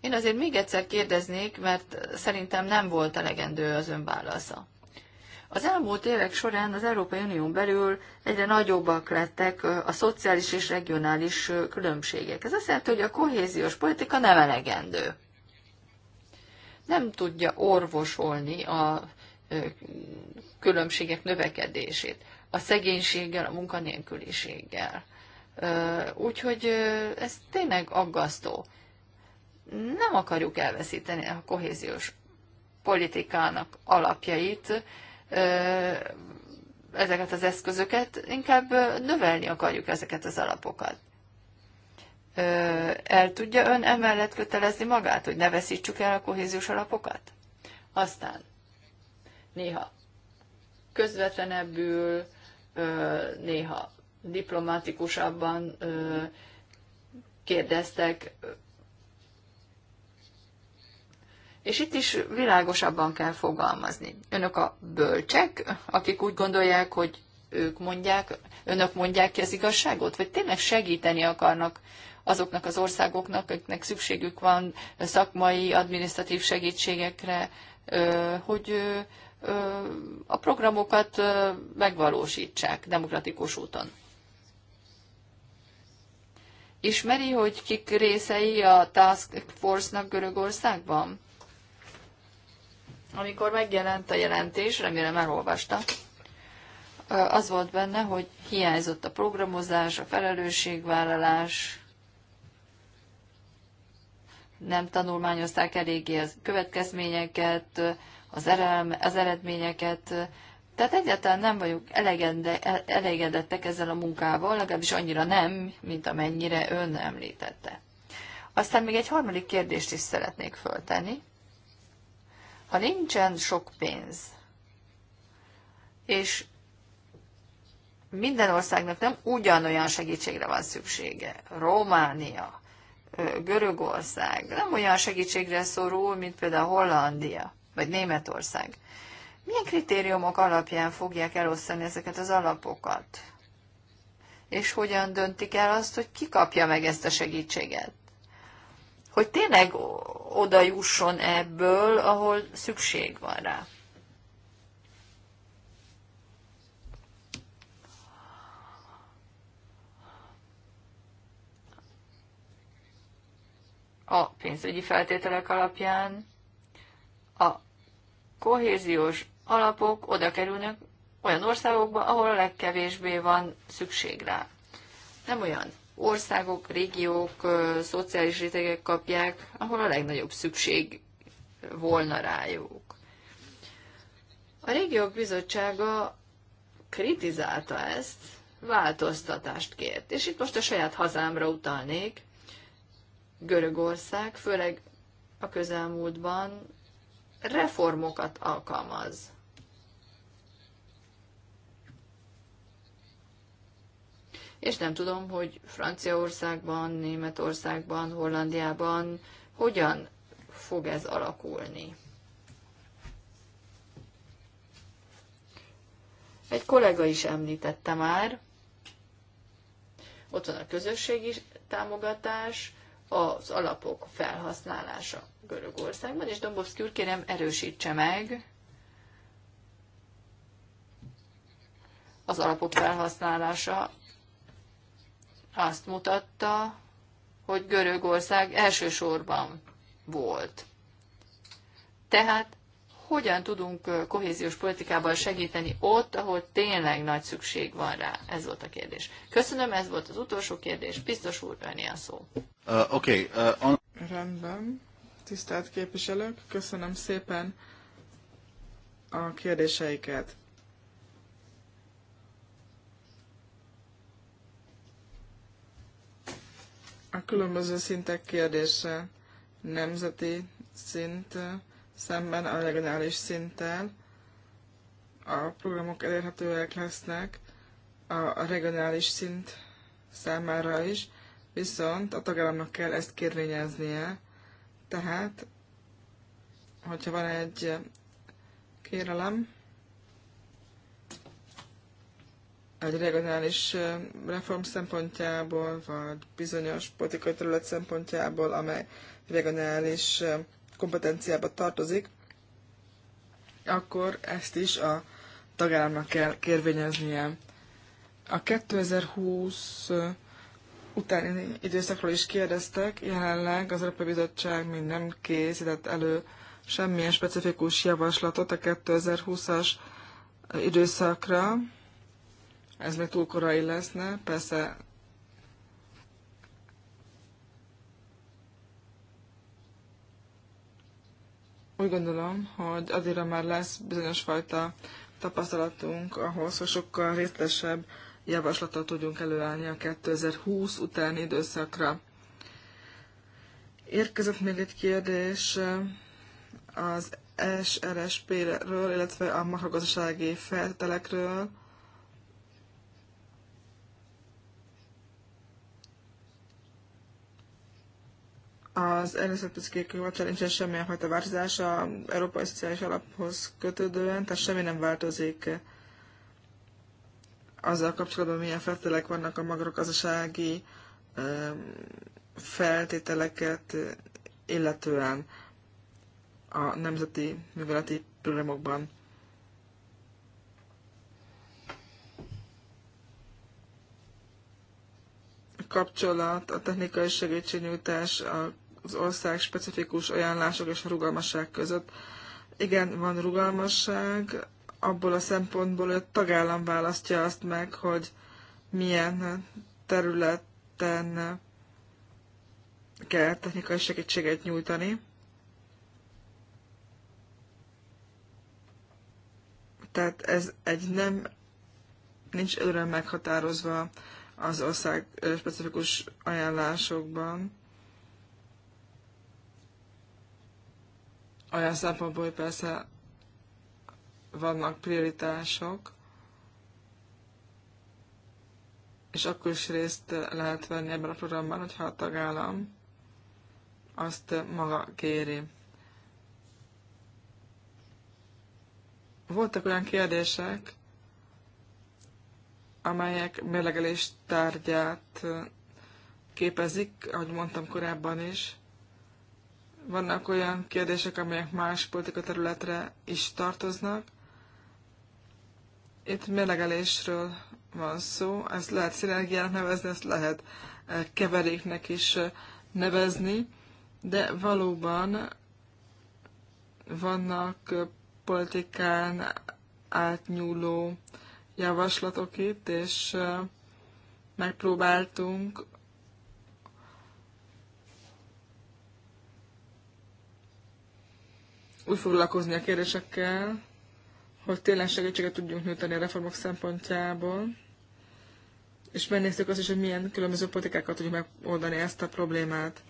Én azért még egyszer kérdeznék, mert szerintem nem volt elegendő az ön válasza. Az elmúlt évek során az Európai Unión belül egyre nagyobbak lettek a szociális és regionális különbségek. Ez azt jelenti, hogy a kohéziós politika nem elegendő. Nem tudja orvosolni a különbségek növekedését, a szegénységgel, a munkanélküliséggel. Úgyhogy ez tényleg aggasztó. Nem akarjuk elveszíteni a kohéziós politikának alapjait, ezeket az eszközöket, inkább növelni akarjuk ezeket az alapokat. El tudja ön emellett kötelezni magát, hogy ne veszítsük el a kohéziós alapokat? Aztán néha közvetlenebbül, néha diplomatikusabban kérdeztek. És itt is világosabban kell fogalmazni. Önök a bölcsek, akik úgy gondolják, hogy ők mondják, önök mondják ki az igazságot, vagy tényleg segíteni akarnak azoknak az országoknak, akiknek szükségük van szakmai, adminisztratív segítségekre, hogy a programokat megvalósítsák demokratikus úton. Ismeri, hogy kik részei a Task Force-nak Görögországban? Amikor megjelent a jelentés, remélem elolvasta, az volt benne, hogy hiányzott a programozás, a felelősségvállalás, nem tanulmányozták eléggé a következményeket, az, erelme, az eredményeket, tehát egyáltalán nem vagyunk elegende, e, elégedettek ezzel a munkával, legalábbis annyira nem, mint amennyire ön említette. Aztán még egy harmadik kérdést is szeretnék föltenni. Ha nincsen sok pénz, és minden országnak nem ugyanolyan segítségre van szüksége. Románia, Görögország nem olyan segítségre szorul, mint például Hollandia, vagy Németország. Milyen kritériumok alapján fogják elosztani ezeket az alapokat? És hogyan döntik el azt, hogy ki kapja meg ezt a segítséget? Hogy tényleg oda jusson ebből, ahol szükség van rá. a pénzügyi feltételek alapján, a kohéziós alapok oda kerülnek olyan országokba, ahol a legkevésbé van szükség rá. Nem olyan országok, régiók, szociális rétegek kapják, ahol a legnagyobb szükség volna rájuk. A régiók bizottsága kritizálta ezt, változtatást kért. És itt most a saját hazámra utalnék. Görögország, főleg a közelmúltban reformokat alkalmaz. és nem tudom, hogy Franciaországban, Németországban, Hollandiában hogyan fog ez alakulni. Egy kollega is említette már, ott van a közösségi támogatás, az alapok felhasználása Görögországban, és Dombovszki úr kérem erősítse meg az alapok felhasználása azt mutatta, hogy Görögország elsősorban volt. Tehát hogyan tudunk kohéziós politikával segíteni ott, ahol tényleg nagy szükség van rá? Ez volt a kérdés. Köszönöm, ez volt az utolsó kérdés. Biztos úr, öné a szó. Uh, okay, uh, on... Rendben. Tisztelt képviselők, köszönöm szépen a kérdéseiket. a különböző szintek kérdése nemzeti szint szemben a regionális szinttel. A programok elérhetőek lesznek a regionális szint számára is, viszont a tagállamnak kell ezt kérvényeznie. Tehát, hogyha van egy kérelem, egy regionális reform szempontjából, vagy bizonyos politikai terület szempontjából, amely regionális kompetenciába tartozik, akkor ezt is a tagállamnak kell kérvényeznie. A 2020 utáni időszakról is kérdeztek, jelenleg az Európai Bizottság még nem készített elő semmilyen specifikus javaslatot a 2020-as időszakra, ez még túl korai leszne, persze úgy gondolom, hogy addigra már lesz bizonyos fajta tapasztalatunk ahhoz, hogy sokkal részletesebb javaslatot tudjunk előállni a 2020 utáni időszakra. Érkezett még egy kérdés az SRSP-ről, illetve a makrogazdasági feltételekről. az erőszakpiszkékkel nincsen semmilyen fajta változás a Európai Szociális Alaphoz kötődően, tehát semmi nem változik azzal kapcsolatban, milyen feltételek vannak a magrokazasági feltételeket, illetően a nemzeti műveleti programokban. kapcsolat, a technikai segítségnyújtás, a az ország specifikus ajánlások és a rugalmasság között. Igen, van rugalmasság, abból a szempontból, hogy a tagállam választja azt meg, hogy milyen területen kell technikai segítséget nyújtani. Tehát ez egy nem, nincs előre meghatározva az ország specifikus ajánlásokban. olyan szempontból, hogy persze vannak prioritások, és akkor is részt lehet venni ebben a programban, hogyha a tagállam azt maga kéri. Voltak olyan kérdések, amelyek mérlegelés tárgyát képezik, ahogy mondtam korábban is. Vannak olyan kérdések, amelyek más politika területre is tartoznak. Itt mérlegelésről van szó, ezt lehet szinergiának nevezni, ezt lehet eh, keveréknek is eh, nevezni, de valóban vannak eh, politikán átnyúló javaslatok itt, és megpróbáltunk úgy foglalkozni a kérdésekkel, hogy tényleg segítséget tudjunk nyújtani a reformok szempontjából, és megnéztük azt is, hogy milyen különböző politikákat tudjuk megoldani ezt a problémát.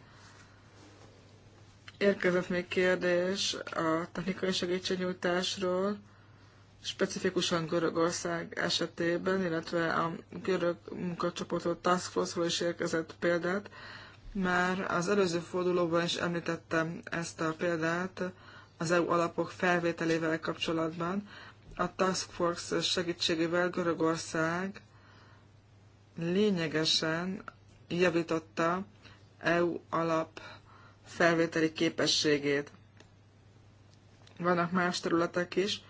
Érkezett még kérdés a technikai segítségnyújtásról, specifikusan Görögország esetében, illetve a görög munkacsoportról Task Force-ról is érkezett példát. Már az előző fordulóban is említettem ezt a példát, az EU alapok felvételével kapcsolatban. A Task Force segítségével Görögország lényegesen javította EU alap felvételi képességét. Vannak más területek is,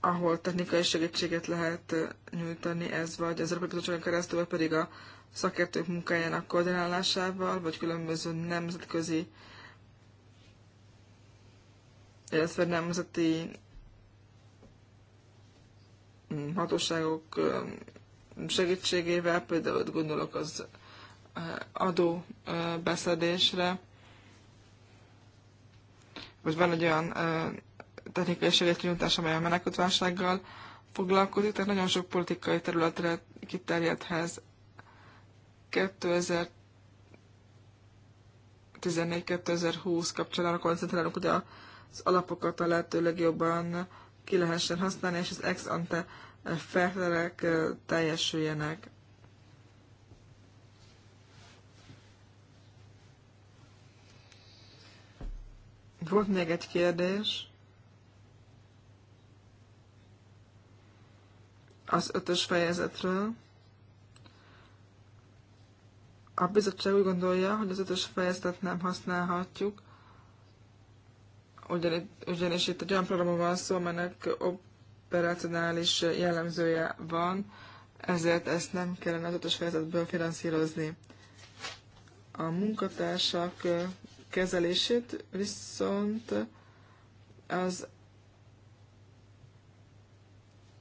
ahol technikai segítséget lehet nyújtani, ez vagy az Európai Bizottságon keresztül, vagy pedig a szakértők munkájának koordinálásával, vagy különböző nemzetközi uh, illetve nemzeti mm, hatóságok mm, segítségével, például ott gondolok az eh, adó eh, beszedésre, vagy van egy olyan eh, technikai segítségnyújtás, amely a menekültválsággal foglalkozik, tehát nagyon sok politikai területre kiterjedhez 2014-2020 kapcsolatban arra koncentrálunk, a az alapokat a lehető legjobban ki lehessen használni, és az ex ante felterek teljesüljenek. Volt még egy kérdés. Az ötös fejezetről. A bizottság úgy gondolja, hogy az ötös fejezetet nem használhatjuk, ugyan, ugyanis itt egy olyan programon van szó, amelynek operacionális jellemzője van, ezért ezt nem kellene az ötös fejezetből finanszírozni. A munkatársak kezelését viszont az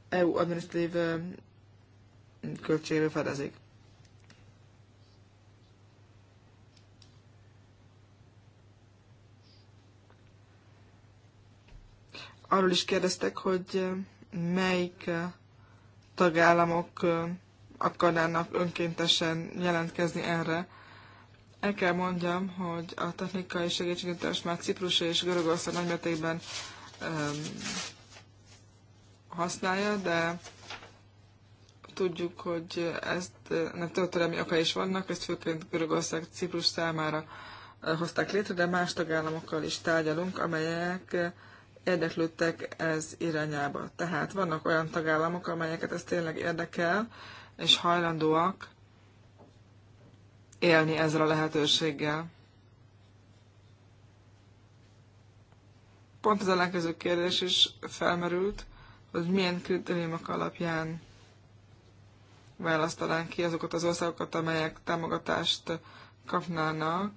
EU administratív költségről fedezik. arról is kérdeztek, hogy melyik tagállamok akarnának önkéntesen jelentkezni erre. El kell mondjam, hogy a technikai segítségnyújtás már Ciprus és Görögország nagymértékben um, használja, de tudjuk, hogy ezt nem történelmi oka is vannak, ezt főként Görögország Ciprus számára hozták létre, de más tagállamokkal is tárgyalunk, amelyek uh, érdeklődtek ez irányába. Tehát vannak olyan tagállamok, amelyeket ez tényleg érdekel, és hajlandóak élni ezzel a lehetőséggel. Pont az ellenkező kérdés is felmerült, hogy milyen kritériumok alapján választanánk ki azokat az országokat, amelyek támogatást kapnának,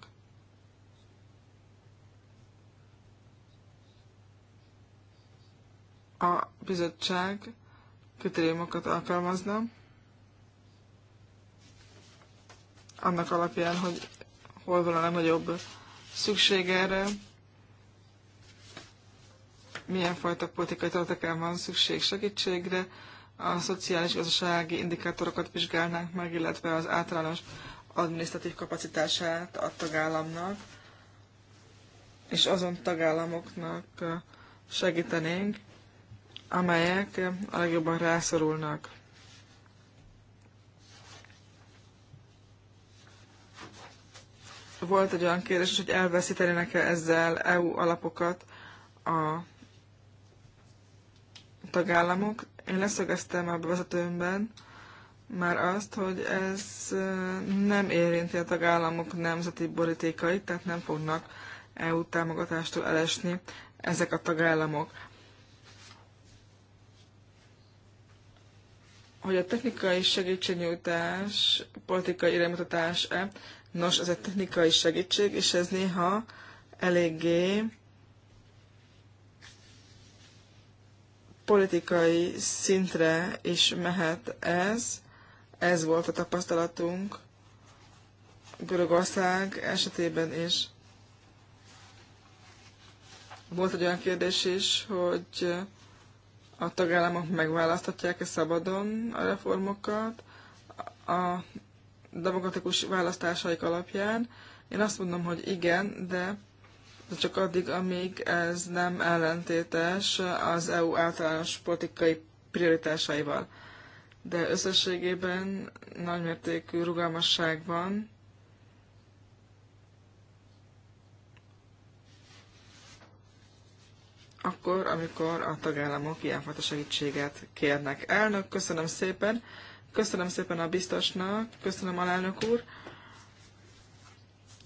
a bizottság kritériumokat alkalmazna, annak alapján, hogy hol van a legnagyobb szükség erre, milyen fajta politikai területeken van szükség segítségre, a szociális gazdasági indikátorokat vizsgálnánk meg, illetve az általános adminisztratív kapacitását a tagállamnak, és azon tagállamoknak segítenénk, amelyek a legjobban rászorulnak. Volt egy olyan kérdés, hogy elveszítenének-e ezzel EU alapokat a tagállamok. Én leszögeztem a bevezetőmben már azt, hogy ez nem érinti a tagállamok nemzeti borítékait, tehát nem fognak EU támogatástól elesni ezek a tagállamok. hogy a technikai segítségnyújtás politikai iránymutatás-e, nos, ez egy technikai segítség, és ez néha eléggé politikai szintre is mehet ez. Ez volt a tapasztalatunk Görögország esetében is. Volt egy olyan kérdés is, hogy a tagállamok megválasztatják-e szabadon a reformokat a demokratikus választásaik alapján. Én azt mondom, hogy igen, de csak addig, amíg ez nem ellentétes az EU általános politikai prioritásaival. De összességében nagymértékű rugalmasság van akkor, amikor a tagállamok ilyenfajta segítséget kérnek. Elnök, köszönöm szépen. Köszönöm szépen a biztosnak, köszönöm alelnök úr.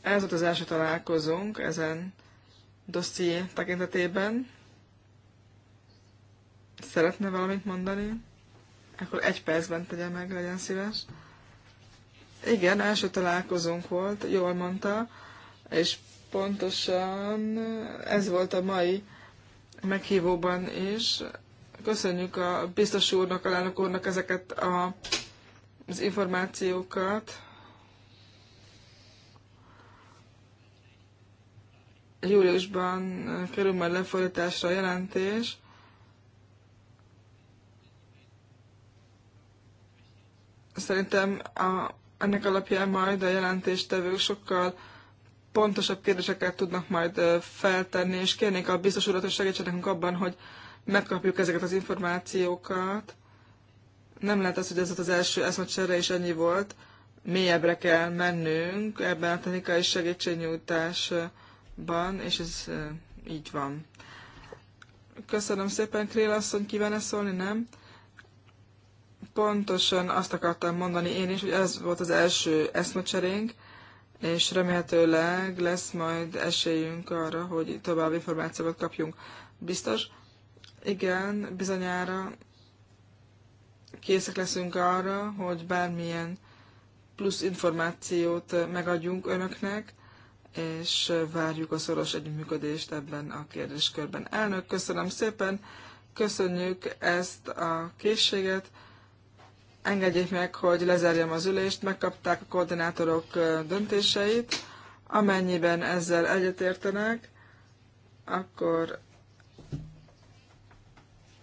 Ez volt az első találkozónk ezen dosszié tekintetében. Szeretne valamit mondani? Akkor egy percben tegye meg, legyen szíves. Igen, első találkozónk volt, jól mondta, és pontosan ez volt a mai meghívóban is. Köszönjük a biztos úrnak, a lánok úrnak ezeket a, az információkat. Júliusban kerül majd lefordításra a jelentés. Szerintem a, ennek alapján majd a jelentéstevők sokkal pontosabb kérdéseket tudnak majd feltenni, és kérnék a biztos urat, hogy segítsen nekünk abban, hogy megkapjuk ezeket az információkat. Nem lehet az, hogy ez az első eszmecsere is ennyi volt. Mélyebbre kell mennünk ebben a technikai segítségnyújtásban, és ez így van. Köszönöm szépen, Krél asszony, kívánne szólni, nem? Pontosan azt akartam mondani én is, hogy ez volt az első eszmecserénk, és remélhetőleg lesz majd esélyünk arra, hogy további információkat kapjunk. Biztos? Igen, bizonyára készek leszünk arra, hogy bármilyen plusz információt megadjunk önöknek, és várjuk a szoros együttműködést ebben a kérdéskörben. Elnök, köszönöm szépen, köszönjük ezt a készséget, engedjék meg, hogy lezárjam az ülést, megkapták a koordinátorok döntéseit, amennyiben ezzel egyetértenek, akkor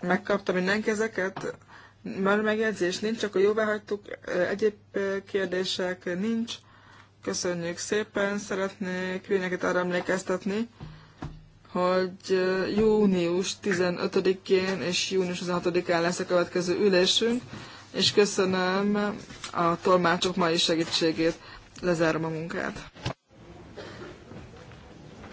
megkapta mindenki ezeket, már megjegyzés nincs, akkor jóvá hagytuk, egyéb kérdések nincs. Köszönjük szépen, szeretnék mindenkit arra emlékeztetni, hogy június 15-én és június 16-án lesz a következő ülésünk és köszönöm a tolmácsok mai segítségét. Lezárom a munkát.